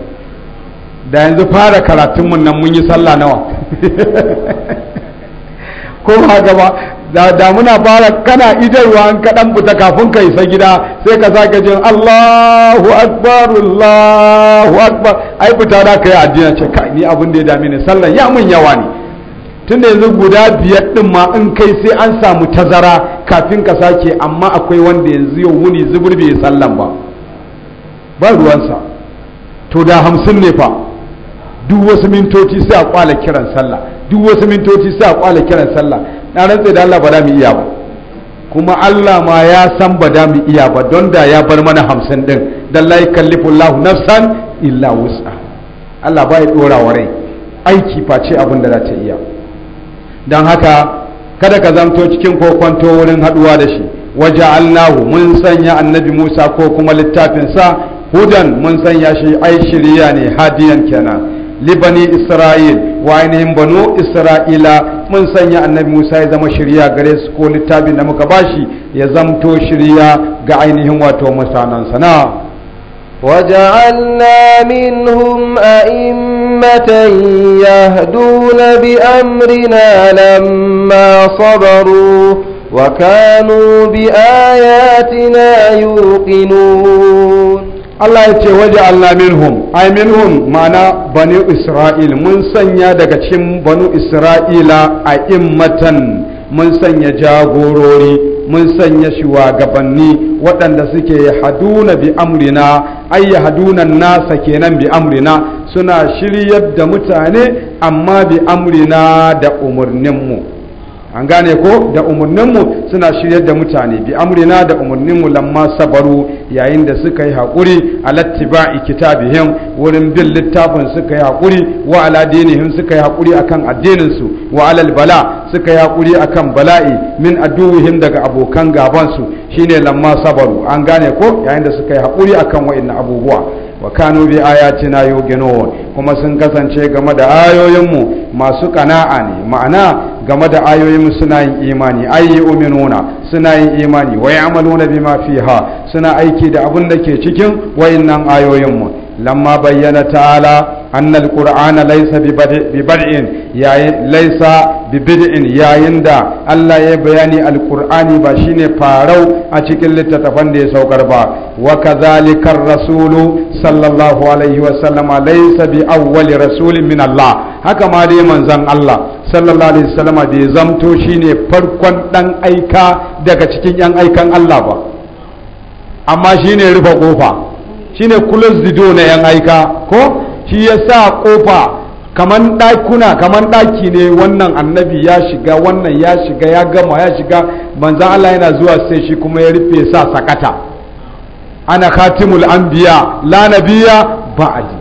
Speaker 1: da yanzu fara karatunmu nan mun yi sallah nawa *laughs* ko ba gaba da damuna fara kana idarwa an kaɗan fita kafin ka isa gida sai ka sake jin Allahu akbar Allahu akbar ai fita da ka yi addini ce kai ni abin da ya dame ni sallan ya mun yawa ne da yanzu guda biyar din ma in kai sai an samu tazara kafin ka sake amma akwai wanda yanzu yau wuni zubur bai sallan ba ba ruwansa to da hamsin ne fa duk wasu mintoci sai a kwala kiran sallah duk wasu mintoci sai a kwala kiran sallah na rantse da Allah ba za mu iya ba kuma Allah ma ya san ba za mu iya ba don da ya bar mana hamsin din dan la yukallifu Allahu nafsan illa wus'a Allah ba ya dora wa rai aiki face abin da za ta iya dan haka kada ka zanto cikin kokonto wurin haduwa da shi Allah mun sanya annabi Musa ko kuma littafin sa hudan mun sanya shi ai shiriya ne hadiyan kenan libani isra'il wa ainihin banu isra'ila mun sanya annabi musa ya zama shirya gare su ko littafin da muka bashi ya zamto shirya ga ainihin wato mutanensa na
Speaker 2: وجعلنا منهم أئمة يهدون بأمرنا لما صبروا وكانوا بآياتنا يوقنون Allah ya
Speaker 1: ce waje Allah minhum ai minhum mana banu Isra'il mun sanya daga cikin banu Isra'ila a immatan mun sanya jagorori mun sanya shugabanni waɗanda suke haduna bi amrina ai haduna nasa kenan bi amrina suna shiryar da mutane amma bi amrina da umarninmu an gane ko da umarninmu suna shiryar da mutane bi amrina da umarninmu lamma sabaru yayin da suka yi haƙuri alattiba'i kitabihim wurin bin littafin suka yi haƙuri wa ala suka yi haƙuri akan addininsu wa alal bala suka yi haƙuri akan bala'i min aduwihim daga abokan gabansu shine lamma sabaru an gane ko yayin da suka yi haƙuri akan wa'in abubuwa wa kanu bi ayatina yuqinun kuma sun kasance game da ayoyinmu masu kana'a ne ma'ana game da ayoyin suna yin imani ayi uminuna suna yin imani wai amaluna bima fiha suna aiki da abin da ke cikin wayannan ayoyin mu lamma bayyana ta'ala anna alqur'ana laysa bi bad'in yayin laysa bibid'in yayin da Allah ya bayani alkur'ani ba shine farau a cikin littattafan da ya saukar ba wa kadhalika rasulu sallallahu alaihi wa sallama laysa bi awwali rasulin min Allah haka ma dai manzon Allah sallallahu alaihi wa sallam da bai zamto shine farkon dan aika daga cikin yan aikan Allah ba amma shine rufe kofa shine close the door na yan aika ko shi yasa kofa kaman ɗakuna kaman ɗaki ne wannan annabi ya shiga wannan ya shiga ya gama ya shiga manzan Allah yana zuwa sai shi kuma ya rufe sa sakata ana khatimul anbiya la a ba'adi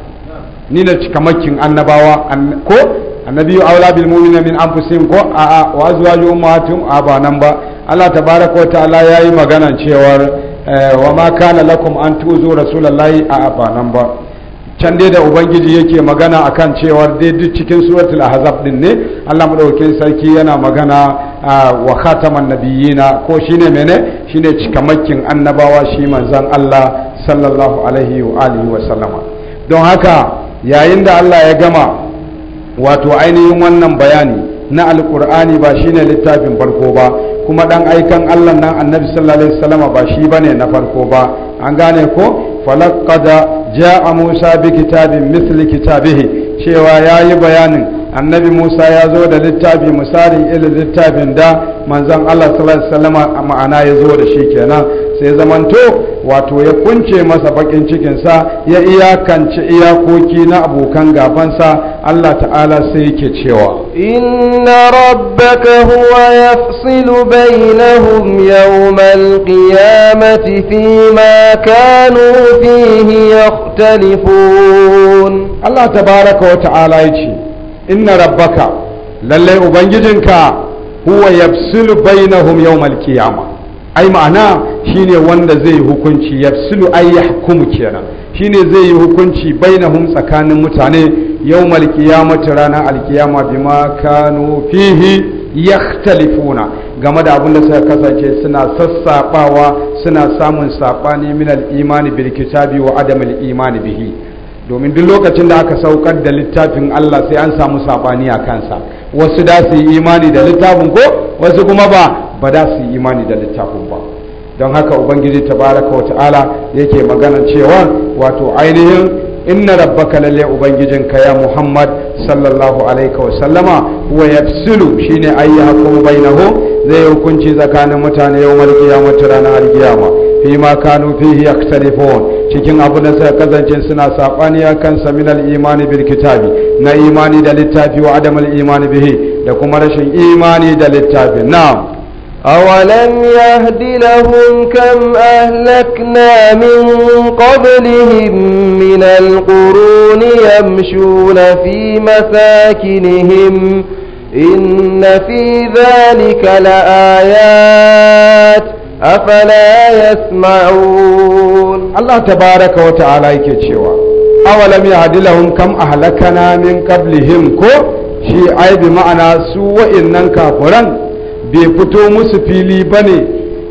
Speaker 1: ni na cikamakin annabawa ko annabi annabiyu aula bil mu'mina min anfusihim ko a a wa azwaju ummahatuhum a ba nan ba Allah baraka wa ta'ala yayi magana cewar eh, wa ma kana lakum an tuzu rasulullahi a ba nan ba can dai da ubangiji yake magana a kan cewa dai duk cikin suratul ahzab din ne Allah madaukakin sarki yana magana wa khataman nabiyina ko shine mene shine cikamakin annabawa shi manzon Allah sallallahu alaihi wa alihi wa sallama don haka yayin da Allah ya gama wato ainihin wannan bayani na alkur'ani ba shine littafin farko ba kuma dan aikan Allah nan annabi sallallahu alaihi wasallama ba shi bane na farko ba an gane ko falaqada ja'a Musa bi kitabin misli cewa cewa yayi bayanin annabi Musa ya zo da littafi misalin irin littafin da manzon Allah sallallahu alaihi ma'ana ya zo da shi kenan sai zamanto wato ya kunce masa bakin cikinsa ya iyakance iyakoki na abokan gabansa Allah ta'ala sai yake cewa
Speaker 2: inna rabbaka huwa yafsilu bainahum yawmal qiyamati fima kanu fihi yakhtalifun Allah tabaraka wa ta'ala yace inna rabbaka
Speaker 1: lalle ubangijinka huwa yafsilu bainahum yawmal qiyamah ai ma'ana shine wanda zai yi hukunci yafsilu ay hukumu kenan shine zai yi hukunci bai na bainahum tsakanin mutane yau yawmal mata rana alkiyama bima kanu fihi yakhtalifuna game da abin da suka kasance suna sassabawa suna samun sabani min al'imani imani bil kitabi wa adam al-imani bihi domin duk lokacin da aka saukar da littafin Allah sai an samu sabani a kansa wasu da su yi imani da littafin ko wasu kuma ba ba da su yi imani da littafin ba don haka ubangiji tabaraka wa ta'ala yake magana cewa wato ainihin inna rabbaka lalle ubangijinka ya muhammad sallallahu alaihi wa yafsilu shine ayi hakum bainahu zai hukunci tsakanin mutane yau mutu ranar alkiyama fi ma kanu fihi yaktalifun cikin abin da suka kasance suna saɓani a kansa minal imani bil kitabi na imani da littafi wa adamal imani bihi da kuma rashin imani da littafi na'am أولم
Speaker 2: يهد لهم كم أهلكنا من قبلهم من القرون يمشون في مساكنهم إن في ذلك لآيات أفلا يسمعون الله تبارك وتعالى
Speaker 1: يكتشوا أولم يهد لهم كم أهلكنا من قبلهم كو شيء أي بمعنى سوء إنن كافرا bai fito musu fili ba ne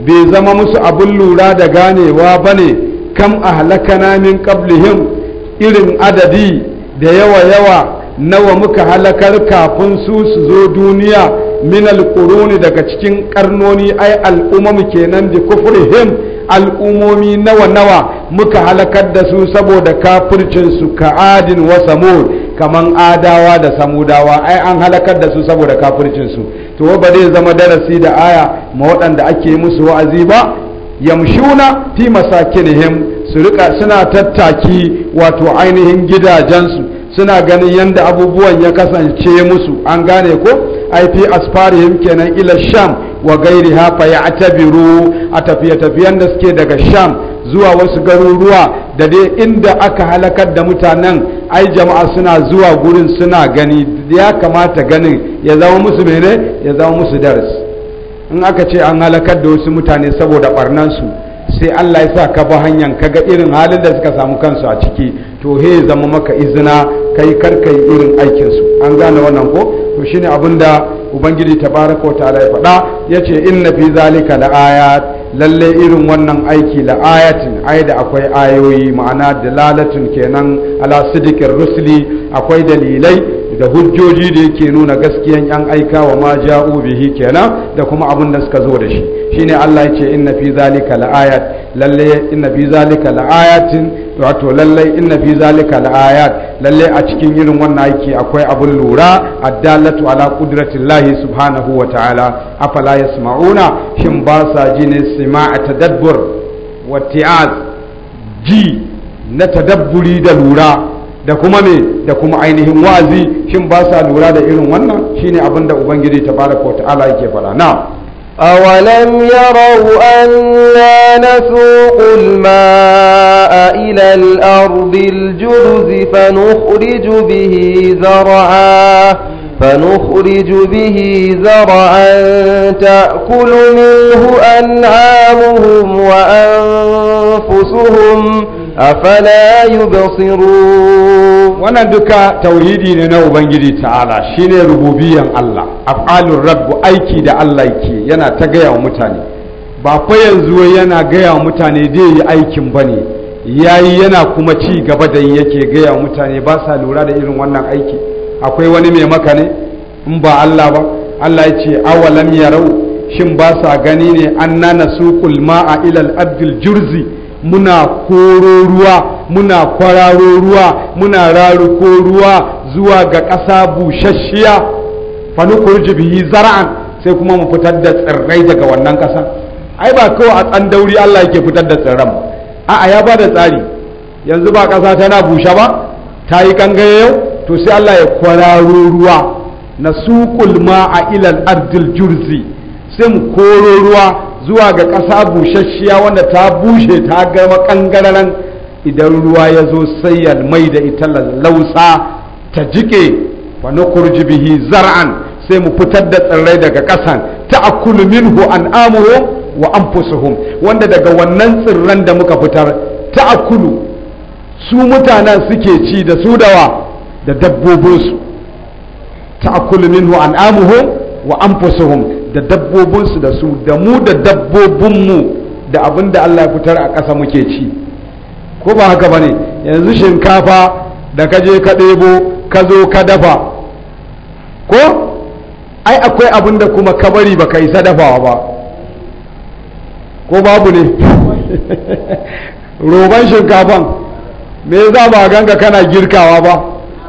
Speaker 1: bai zama musu abin lura da ganewa ba ne kam ahlakana min qablihim irin adadi da yawa-yawa nawa muka halakar kafin su su zo duniya min alƙuruni daga cikin ƙarnoni ai al'ummu kenan da kufurihim al'umomi nawa-nawa muka halakar da su saboda kafircinsu ka adin wa kaman adawa da samudawa ai an halakar da su saboda kafircinsu to ba zai zama darasi da aya ma waɗanda ake musu wa'azi ba yamshuna fi masakinihim su rika suna tattaki wato ainihin gidajensu suna ganin yadda abubuwan ya kasance musu an gane ko ai fi asfarihim kenan ila sham wa gairiha fa ya'tabiru a tafiye-tafiyen da suke daga sham zuwa wasu garuruwa da dai inda aka halakar da mutanen ai jama'a suna zuwa gurin suna gani ya kamata ganin ya zama musu mene ya zama musu darasi in aka ce an halakar da wasu mutane saboda barnansu sai Allah ya sa ka bi hanyar ka ga irin halin da suka samu kansu a ciki to he zama maka izina kai yi irin aikinsu an gane wannan ko to shine abinda ubangiji tabaraka wa ta'ala ya faɗa yace inna fi zalika la ayat lalle irin wannan aiki la ayatin ai da akwai ayoyi ma'ana lalatun kenan ala sidikin rusuli akwai dalilai da hujjoji da yake nuna gaskiyan yan aika wa ma ja'u bihi kenan da kuma abun da suka zo da shi shine Allah ya ce inna fi zalika laayat lalle inna fi zalika laayatin wato lalle inna fi zalika laayat lalle a cikin irin wannan aiki akwai abin lura addalatu ala qudratillahi subhanahu wa ta'ala afala yasma'una shin ba sa ji ne sima'a tadabbur wa ti'az ji na tadabburi da lura da kuma me da kuma ainihin wa'azi shin ba sa lura da irin wannan shine abin da ubangiji tabaraka wa ta'ala yake faɗa na أولم يروا
Speaker 2: أنا نسوق الماء إلى الأرض الجرز فنخرج bihi زرعا فنخرج به زرعا تأكل منه أنعامهم وأنفسهم afala
Speaker 1: yubsirun wannan duka tauhidi ne na ubangiji ta'ala shine rububiyan Allah af'alur rabb aiki da Allah yake yana ta gaya wa mutane ba fa yanzu yana gaya wa mutane dai yi aikin bane yayi yana kuma ci gaba da yake gaya wa mutane ba sa lura da irin wannan aiki akwai wani mai maka ne in ba Allah ba Allah ya ce ya rau, shin ba sa gani ne an nana su kulma a ilal Abdul jurzi muna koro ruwa muna kwararo ruwa muna raruko ruwa zuwa ga ƙasa busasshiya kurji bihi zara'an sai kuma mu fitar da tsirrai daga wannan ƙasa ai ba kawai a tsandauri Allah yake fitar da tsirran a'a ya ba da tsari yanzu ba ƙasa tana bushe ba ta yi kangaye yau to sai Allah ya kwararo ruwa na suƙul a ilal ardil jurzi sai mu koro ruwa zuwa ga ƙasa busasshiya wanda ta bushe ta gama ƙangararan idan ruwa ya zo sai ya mai da ita lausa ta jike wa nukurji bihi zar'an sai mu fitar da tsirrai daga ƙasan ta min minhu an amuru wa anfusuhum wanda daga wannan tsirran da muka fitar ta su mutanen suke ci da su dawa da dabbobinsu ta min minhu an amuhum wa anfusuhum da dabbobinsu da su da mu da dabbobinmu da abin da Allah ya fitar a ƙasa muke ci ko ba haka ba ne yanzu shinkafa da ka je ka ɗebo ka zo ka dafa ko ai akwai abin da kuma ka bari ba ka isa dafawa ba ko babu ne *laughs* roban shinkafan me za ba ganga kana girkawa ba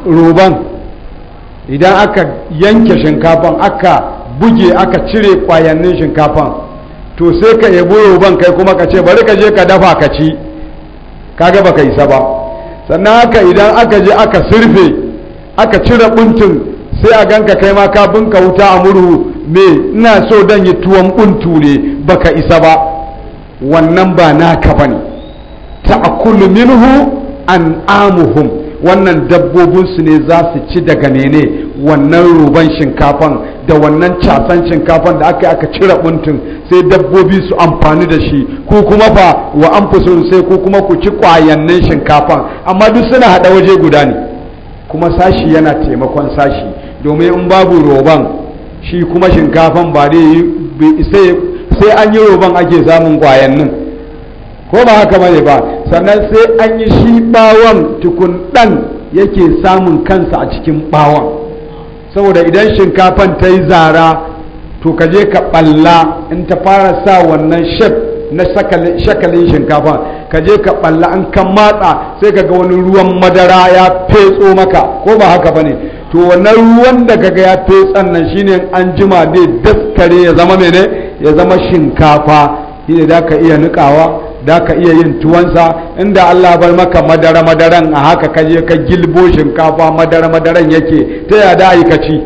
Speaker 1: roban idan aka yanke shinkafan aka buge aka cire kwayannin shinkafan to sai ka yabo yoban kai kuma ka ce bari ka je ka dafa ka ci kaga baka isa ba sannan haka idan aka je aka surfe aka cire buntun sai a ganka kai ma ka bunka wuta a murhu me ina so dan yi tuwon buntu ne baka isa ba wannan ba naka bane ta'kulu minhu an amuhum wannan dabbobin su ne za su ci daga nene wannan ruban shinkafan da wannan casan shinkafan da aka yi aka cire buntun sai dabbobi su amfani da shi ko kuma ba wa amfusun sai ko kuma ku ci kwayannin shinkafan amma duk suna haɗa waje guda ne kuma sashi yana taimakon sashi domin in babu roban shi kuma shinkafan ba dai sai an yi roban ake samun kwayannin ko ba haka ne ba sannan sai an yi shi bawon tukun ɗan yake samun kansa a cikin bawon saboda idan shinkafan ta yi zara to ka je ka balla in ta fara sa wannan shef na shakalin shinkafa ka je ka balla an kan matsa sai ka ga wani ruwan madara ya fetso maka ko ba haka ba ne to wannan ruwan da kaga ya fetso nan shine an jima dai daskare ya zama mene ya zama shinkafa shine da ka iya nikawa da ka iya yin tuwansa inda Allah bar maka madara madaran a haka ka je ka gilbo shinkafa madara madaran yake ta ya da aikaci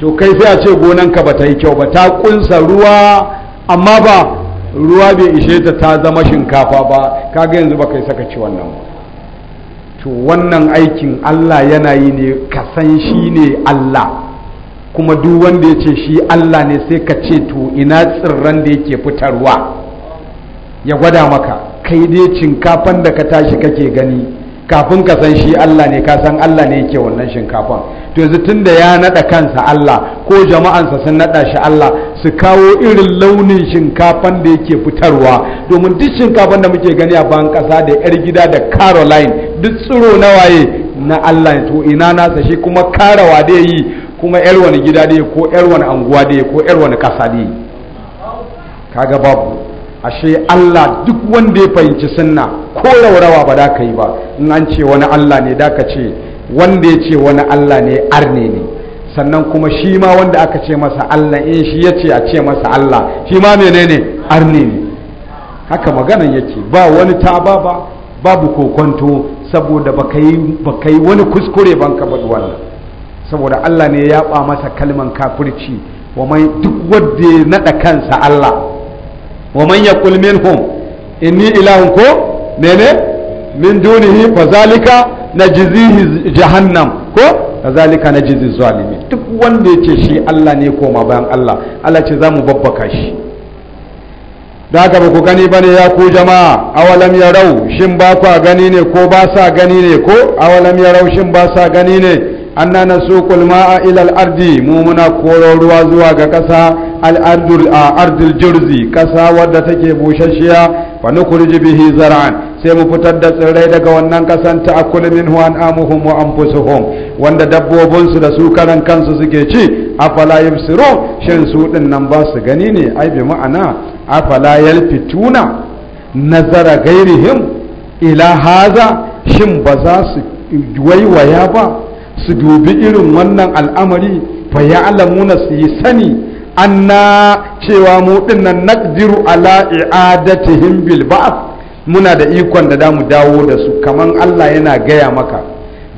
Speaker 1: to kai sai a ce ka ba ta yi kyau ba ta kunsa ruwa amma ba ruwa bai ishe ta ta zama shinkafa ba kaga yanzu ba kai saka ci wannan to wannan aikin Allah yana yi ne ka san shi ne Allah kuma duk wanda ya ce shi Allah ne sai ka ce to ina tsirran da yake fitarwa ya gwada maka kai dai shinkafan da ka tashi kake gani kafin ka san shi Allah ne ka san Allah ne yake wannan shinkafan to yanzu tunda ya nada kansa Allah ko jama'ansa sun nada shi Allah su kawo irin launin shinkafan da yake fitarwa domin duk shinkafan da muke gani a ban kasa da yar gida da Caroline duk tsiro na waye na Allah to ina nasa shi kuma karawa da yi kuma yar wani gida da ko yar wani anguwa da ko yar wani kasa da kaga babu ashe Allah duk wanda ya fahimci sunna ko rawarawa ba da ka yi ba in an ce wani Allah ne da ka ce wanda ya ce wani Allah ne arne ne sannan kuma shi ma wanda aka ce masa Allah in shi ya ce a ce masa Allah shi ma menene arne ne haka maganan yake ba wani ta ba babu kokonto saboda baka yi wani kuskure banka ba wannan saboda Allah ne ya ba masa kalman kafirci wa mai duk wanda ya naɗa kansa Allah wa man yaqul minhum inni ilahun ko mene min dunihi fa zalika najzihi jahannam ko kazalika najzi zalimi duk wanda yake shi Allah ne koma bayan Allah Allah ce zamu babbaka shi da haka ba ku gani ba ne ya ku jama'a awalam ya rau shin ba ku gani ne ko ba sa gani ne ko awalam ya rau shin ba sa gani ne anna nasuqul ma'a ila al-ardi mu muna koro ruwa zuwa ga kasa al-ardul ardul jurzi kasa wadda take bushashiya fa nukhrij bihi zar'an sai mu fitar da tsirrai daga wannan kasan ta akulu minhu an amuhum wa anfusuhum wanda dabbobin su da su karan kansu suke ci afala yubsirun shin su din nan ba su gani ne ai bi ma'ana afala yalfituna nazara gairihim ila haza shin ba za su waiwaya ba su dubi irin wannan al'amari fa alamuna su yi sani anna cewa mu dinnan naqdiru ala i'adatihim bil ba'd muna da ikon da damu dawo da su kaman Allah yana gaya maka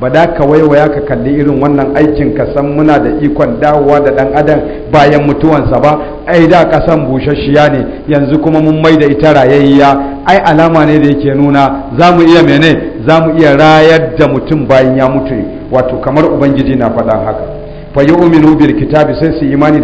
Speaker 1: ba da ka waiwaya ka kalli irin wannan aikin ka san muna da ikon dawowa da dan adam bayan mutuwansa ba ai da kasan bushashiya ne yanzu kuma mun mai da ita rayayya ai alama ne da yake nuna za mu iya mene za mu iya rayar da mutum bayan ya mutu wato kamar ubangiji na faɗan haka fayi uminu bil kitabi sai su imani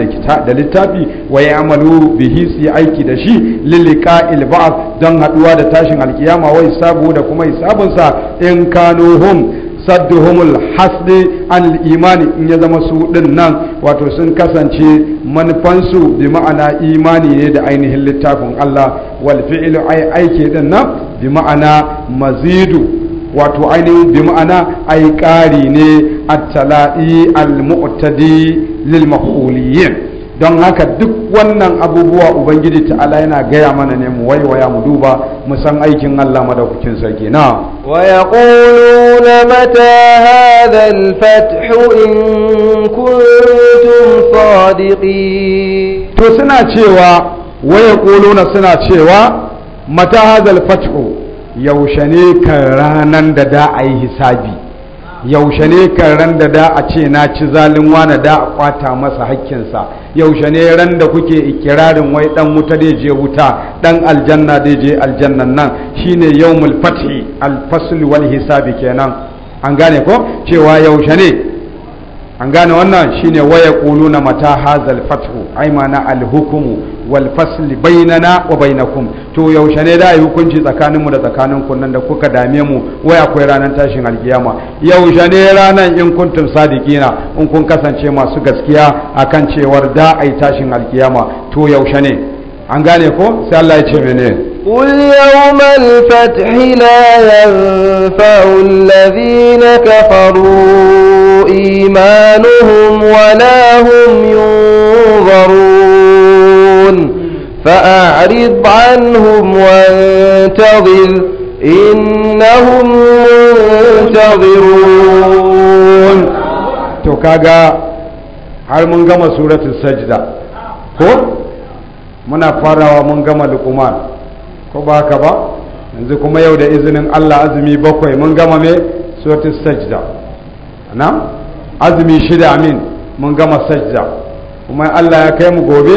Speaker 1: da littafi wa ya amalu bihi su yi aiki da shi lilika ilba'a don haɗuwa da tashin alkiyama wa hisabu da kuma hisabunsa in kano hum sadduhumul hasdi an imani in ya zama su din nan wato sun kasance manufansu bi ma'ana imani ne da ainihin littafin Allah wal fi'lu aiki din nan bi ma'ana mazidu wato ainihin bi ma'ana ai ƙari ne a talai al-mu'tadi lil maf'uliyin don haka duk wannan abubuwa ubangiji ta'ala yana gaya mana ne mu waiwaya mu duba mu san aikin Allah madaukakin sarki na
Speaker 2: wa yaquluna mata hadha al-fathu in kuntum sadiqin to suna cewa wa yaquluna
Speaker 1: suna cewa mata hadha al-fathu yaushe ne kan ranar da da a yi hisabi yaushe ne kan ran da da a ce na ci zalin wane da a kwata masa hakkinsa yaushe ne ran da kuke ikirarin wai dan wuta da je wuta dan aljanna da je aljannan nan shine yau fathi alfasl wal hisabi kenan an gane ko cewa yaushe ne an gane wannan shine waya na mata hazal fathu aimana alhukumu al wal fasl bainana wa bainakum to yaushe ne da yi hukunci tsakaninmu da tsakanin ku nan da kuka dame mu waya akwai ranar tashin alkiyama yaushe ne ranar in kuntum sadiqina in kun kasance masu gaskiya akan cewar da ai tashin alkiyama to yaushe ne an gane ko sai Allah ya ce mene
Speaker 2: قل يوم الفتح لا ينفع الذين كفروا إيمانهم ولا هم ينظرون فأعرض عنهم وانتظر إنهم منتظرون تكاغا
Speaker 1: har mun gama suratul sajda ko
Speaker 2: muna farawa mun gama luqman
Speaker 1: ko ba haka ba yanzu kuma yau da izinin Allah azumi bakwai mun gama me suratul sajda na? azumi shida amin mun gama sajda kuma Allah ya kai mu gobe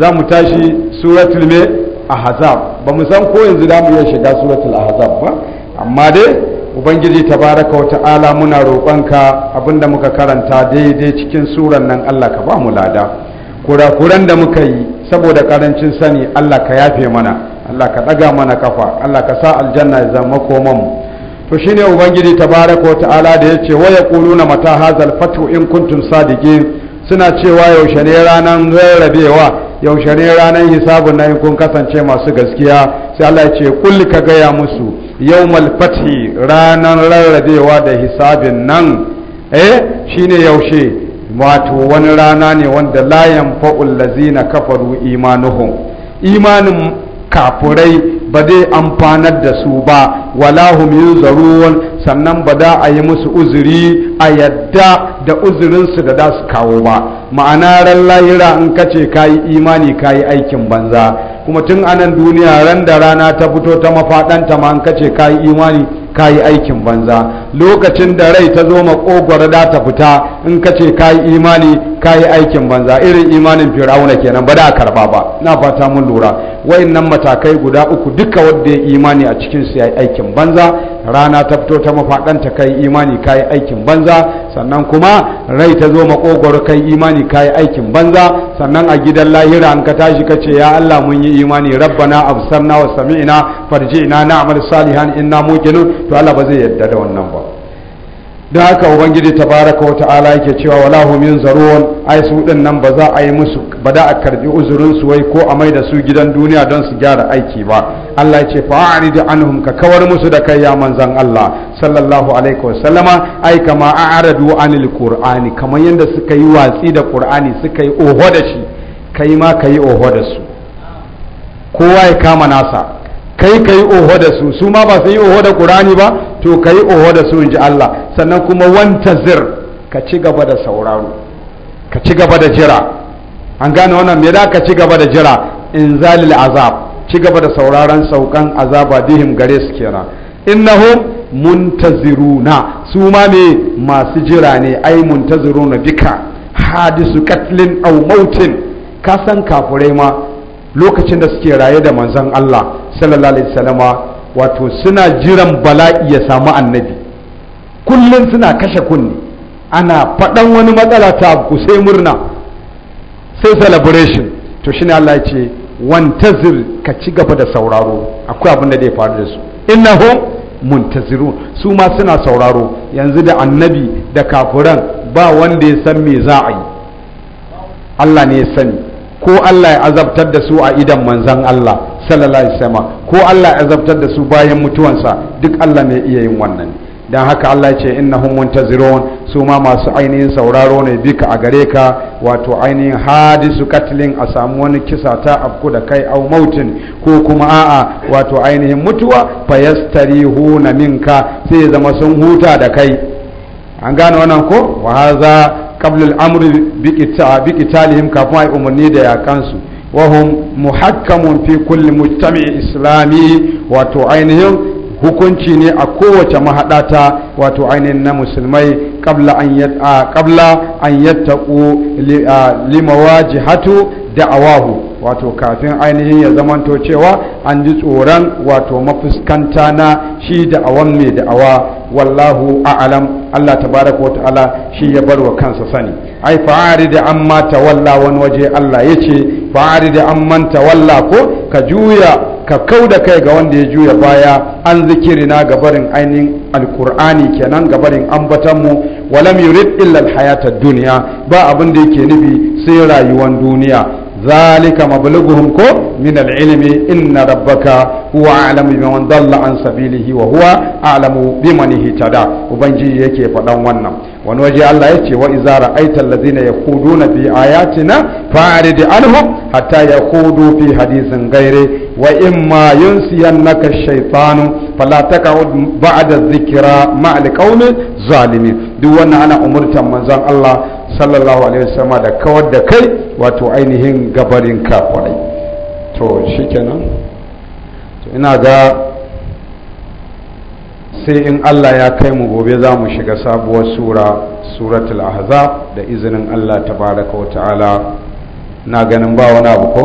Speaker 1: za mu tashi suratul me ahzab ba mu san ko yanzu da mu iya shiga suratul ahzab ba amma dai ubangiji tabaraka wa ta'ala muna roƙonka abinda muka karanta daidai cikin suran nan Allah ka ba mu lada kurakuran da muka yi saboda karancin sani Allah ka yafe mana Allah ka ɗaga mana kafa Allah ka sa aljanna ya zama koman mu to shine ubangiji ta wa ta'ala da yace ce, waya mata hazal fatu in kuntum sadiqin suna cewa yaushe ne ranan rarrabewa yaushe ne ranan hisabun nan kun kasance masu gaskiya sai Allah ya ce kul ka gaya musu yawmal fathi ranan rarrabewa da hisabin nan eh shine yaushe wato wani rana ne wanda la yanfa'ul lazina kafaru imanuhum imanin kafurai ba zai amfanar da su ba walahum yunzarun sannan ba da a yi musu uzuri a yadda da uzurinsu da za su kawo ba ma'ana ran lahira in ka ce ka yi imani ka yi aikin banza kuma tun anan duniya ran da rana ta fito ta mafaɗanta ma in ka ce ka yi imani ka yi aikin banza lokacin da rai ta zo makogwara da ta fita in kace ce ka yi imani ka yi aikin banza irin imanin ke kenan ba da karba ba na fata mun lura wayannan matakai guda uku duka wanda ya imani a cikin su yayi aikin banza rana ta fito ta ta kai imani kai aikin banza sannan kuma rai ta zo makogoro kai imani kai aikin banza sannan a gidan lahira an ka tashi ka ce ya Allah mun yi imani rabbana absarna wa sami'na farji'na na'mal salihan inna muqinun to Allah ba zai yarda da wannan ba don haka ubangiji tabaraka wa ta'ala yake cewa wala hum yunzarun ai su din nan ba za a yi musu ba da a karbi uzurin su wai ko a mai da su gidan duniya don su gyara aiki ba Allah ya ce fa'arid anhum ka kawar musu da kai ya manzan Allah sallallahu alaihi wasallama ai kama a'radu anil qur'ani kamar yanda suka yi watsi da qur'ani suka yi oho da shi kai ma kai oho da su kowa ya kama nasa kai kai oho da su su ma ba su yi oho da qur'ani ba to ka yi oho da su ji Allah sannan kuma wanta zir ka ci gaba da sauraro ka ci gaba da jira an gane wannan me da ka ci gaba da jira in zalil azab ci gaba da sauraron saukan azaba dihim gare su kenan innahum muntaziruna su ma me masu jira ne ai muntaziruna bika hadisu katlin au mautin ka san kafurai ma lokacin da suke raye da manzon Allah sallallahu alaihi wasallama wato suna jiran bala'i ya samu annabi kullum suna kashe kunne ana faɗan wani matsala ta ku sai murna sai celebration to shi ne Allah ya ce wantazir ka ci gaba da sauraro akwai abin da zai faru da su innahu muntaziru su ma suna sauraro yanzu da annabi da kafuran ba wanda ya san me za a yi Allah ne ya sani ko Allah ya azabtar da su a idan manzan Allah sallallahu alaihi wasallam ko Allah ya azabtar da su bayan mutuwansa duk Allah mai iya yin wannan dan haka Allah ya ce innahum muntazirun su ma masu ainihin sauraro ne bika a gare ka wato ainihin hadisu katlin a samu wani kisa ta afku da kai au mautin ko kuma a'a wato ainihin mutuwa na minka sai ya zama sun huta da kai an gane wannan ko wa haza qabla al-amri bi qitalihim kafin yi umarni da yakansu wahum muhakkamun fi kulli mujtami islami wato ainihin hukunci ne a kowace mahaɗata wato ainihin na musulmai kabla an yattaku limawaji hatu da'awahu wato kafin ainihin ya zamanto cewa an ji tsoron wato mafuskanta na shi da'awa mai da'awa wallahu a'alam Allah tabaraka wa ta'ala shi ya bar wa kansa sani ai fa'ari da an mata walla wani waje Allah ya ce fa'ari da an manta walla ko ka juya ka kau da kai ga wanda ya juya baya an zikirina gabarin ainihin alkur'ani kenan gabarin ambatanmu walam yurid illa alhayata duniya ba abin da yake nufi sai rayuwar duniya zalika mablughuhum ko min alilmi inna rabbaka huwa a'lamu biman dalla an sabilihi wa huwa a'lamu biman ihtada ubangiji yake faɗan wannan wani waje Allah ya ce wa izara aital ladina na fi ayatina da alhu hatta yakhudu fi hadisin ghairi wa imma yunsiyannaka naka shaytanu fala taq'ud da zikira ma'al kaunin zalimi duk wannan ana umurtan manzan Allah sallallahu alaihi wasallam da kawar da kai wato ainihin gabarin kafirai to shikenan ina ga sai in Allah ya kai mu gobe za mu shiga sabuwar sura suratul ahzab da izinin Allah tabaraka wa ta'ala na ganin ba wani abu ko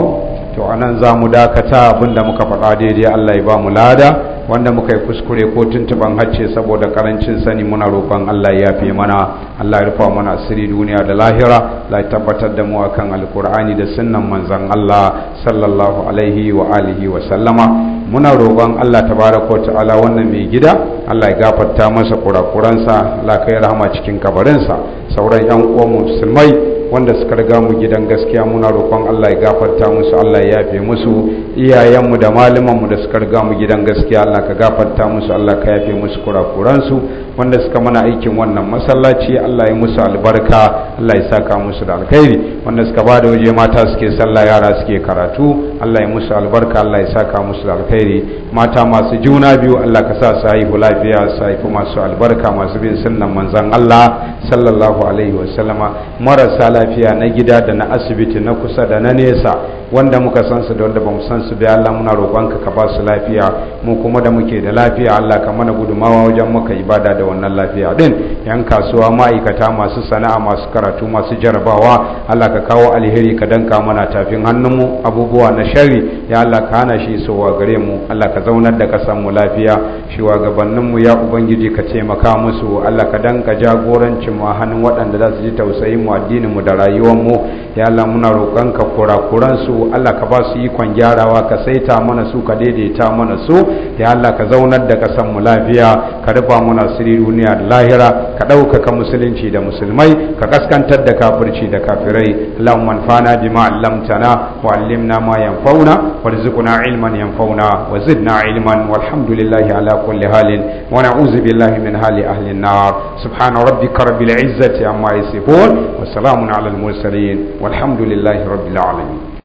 Speaker 1: to anan za mu dakata abinda muka faɗa daidai Allah ya ba mu lada wanda muka yi kuskure ko tuntuban hacce saboda karancin sani muna roƙon Allah ya fi mana Allah ya rufa mana asiri duniya da lahira la tabbatar da mu akan alkur'ani da sunnan manzon Allah sallallahu alaihi wa alihi wa sallama muna roƙon Allah tabaraka wa ta'ala wannan mai gida Allah ya gafarta masa kurakuransa Allah kai rahama cikin kabarinsa sauran yan uwan musulmai wanda suka riga mu gidan gaskiya muna roƙon Allah ya gafarta musu Allah ya yafe musu iyayenmu da malamanmu da suka riga mu gidan gaskiya Allah ka gafarta musu Allah ka yafe musu kurakuransu wanda suka mana aikin wannan masallaci Allah ya musu albarka Allah ya saka musu da alkhairi wanda suka ba da waje mata suke sallah yara suke karatu Allah ya musu albarka Allah ya saka musu da alkhairi mata masu juna biyu Allah ka sa su haihu lafiya su haifi masu albarka masu bin sunnan manzon Allah sallallahu alaihi wasallama marasa lafiya na gida da na asibiti na kusa da na nesa wanda muka san su da wanda bamu san su bai Allah muna roƙonka ka ba su lafiya mu kuma da muke da lafiya Allah ka mana gudumawa wajen muka ibada da wannan lafiya din yan kasuwa ma'aikata masu sana'a masu karatu masu jarabawa Allah ka kawo alheri ka danka mana tafin mu abubuwa na shari ya Allah ka hana shi sowa gare mu Allah ka zaunar da kasan mu lafiya shi wa mu ya ubangiji ka taimaka musu Allah ka danka jagorancin mu a hannun waɗanda za su ji tausayin mu addinin mu da rayuwar mu ya Allah muna roƙonka kurakuran su Allah ka ba su ikon gyarawa ka saita mana su ka daidaita mana su ya Allah ka zaunar da kasan mu lafiya ka rufa mana sirri duniya da lahira ka ɗaukaka musulunci da musulmai ka kaskantar da kafirci da kafirai Allahumma anfa'na bima 'allamtana wa 'allimna ma yanfa'una warzuqna 'ilman yanfa'una wa zidna 'ilman walhamdulillahi ala kulli halin wa na'udzu billahi min hali ahli an-nar subhana rabbika rabbil 'izzati amma yasifun wa salamun 'alal mursalin والحمد لله رب العالمين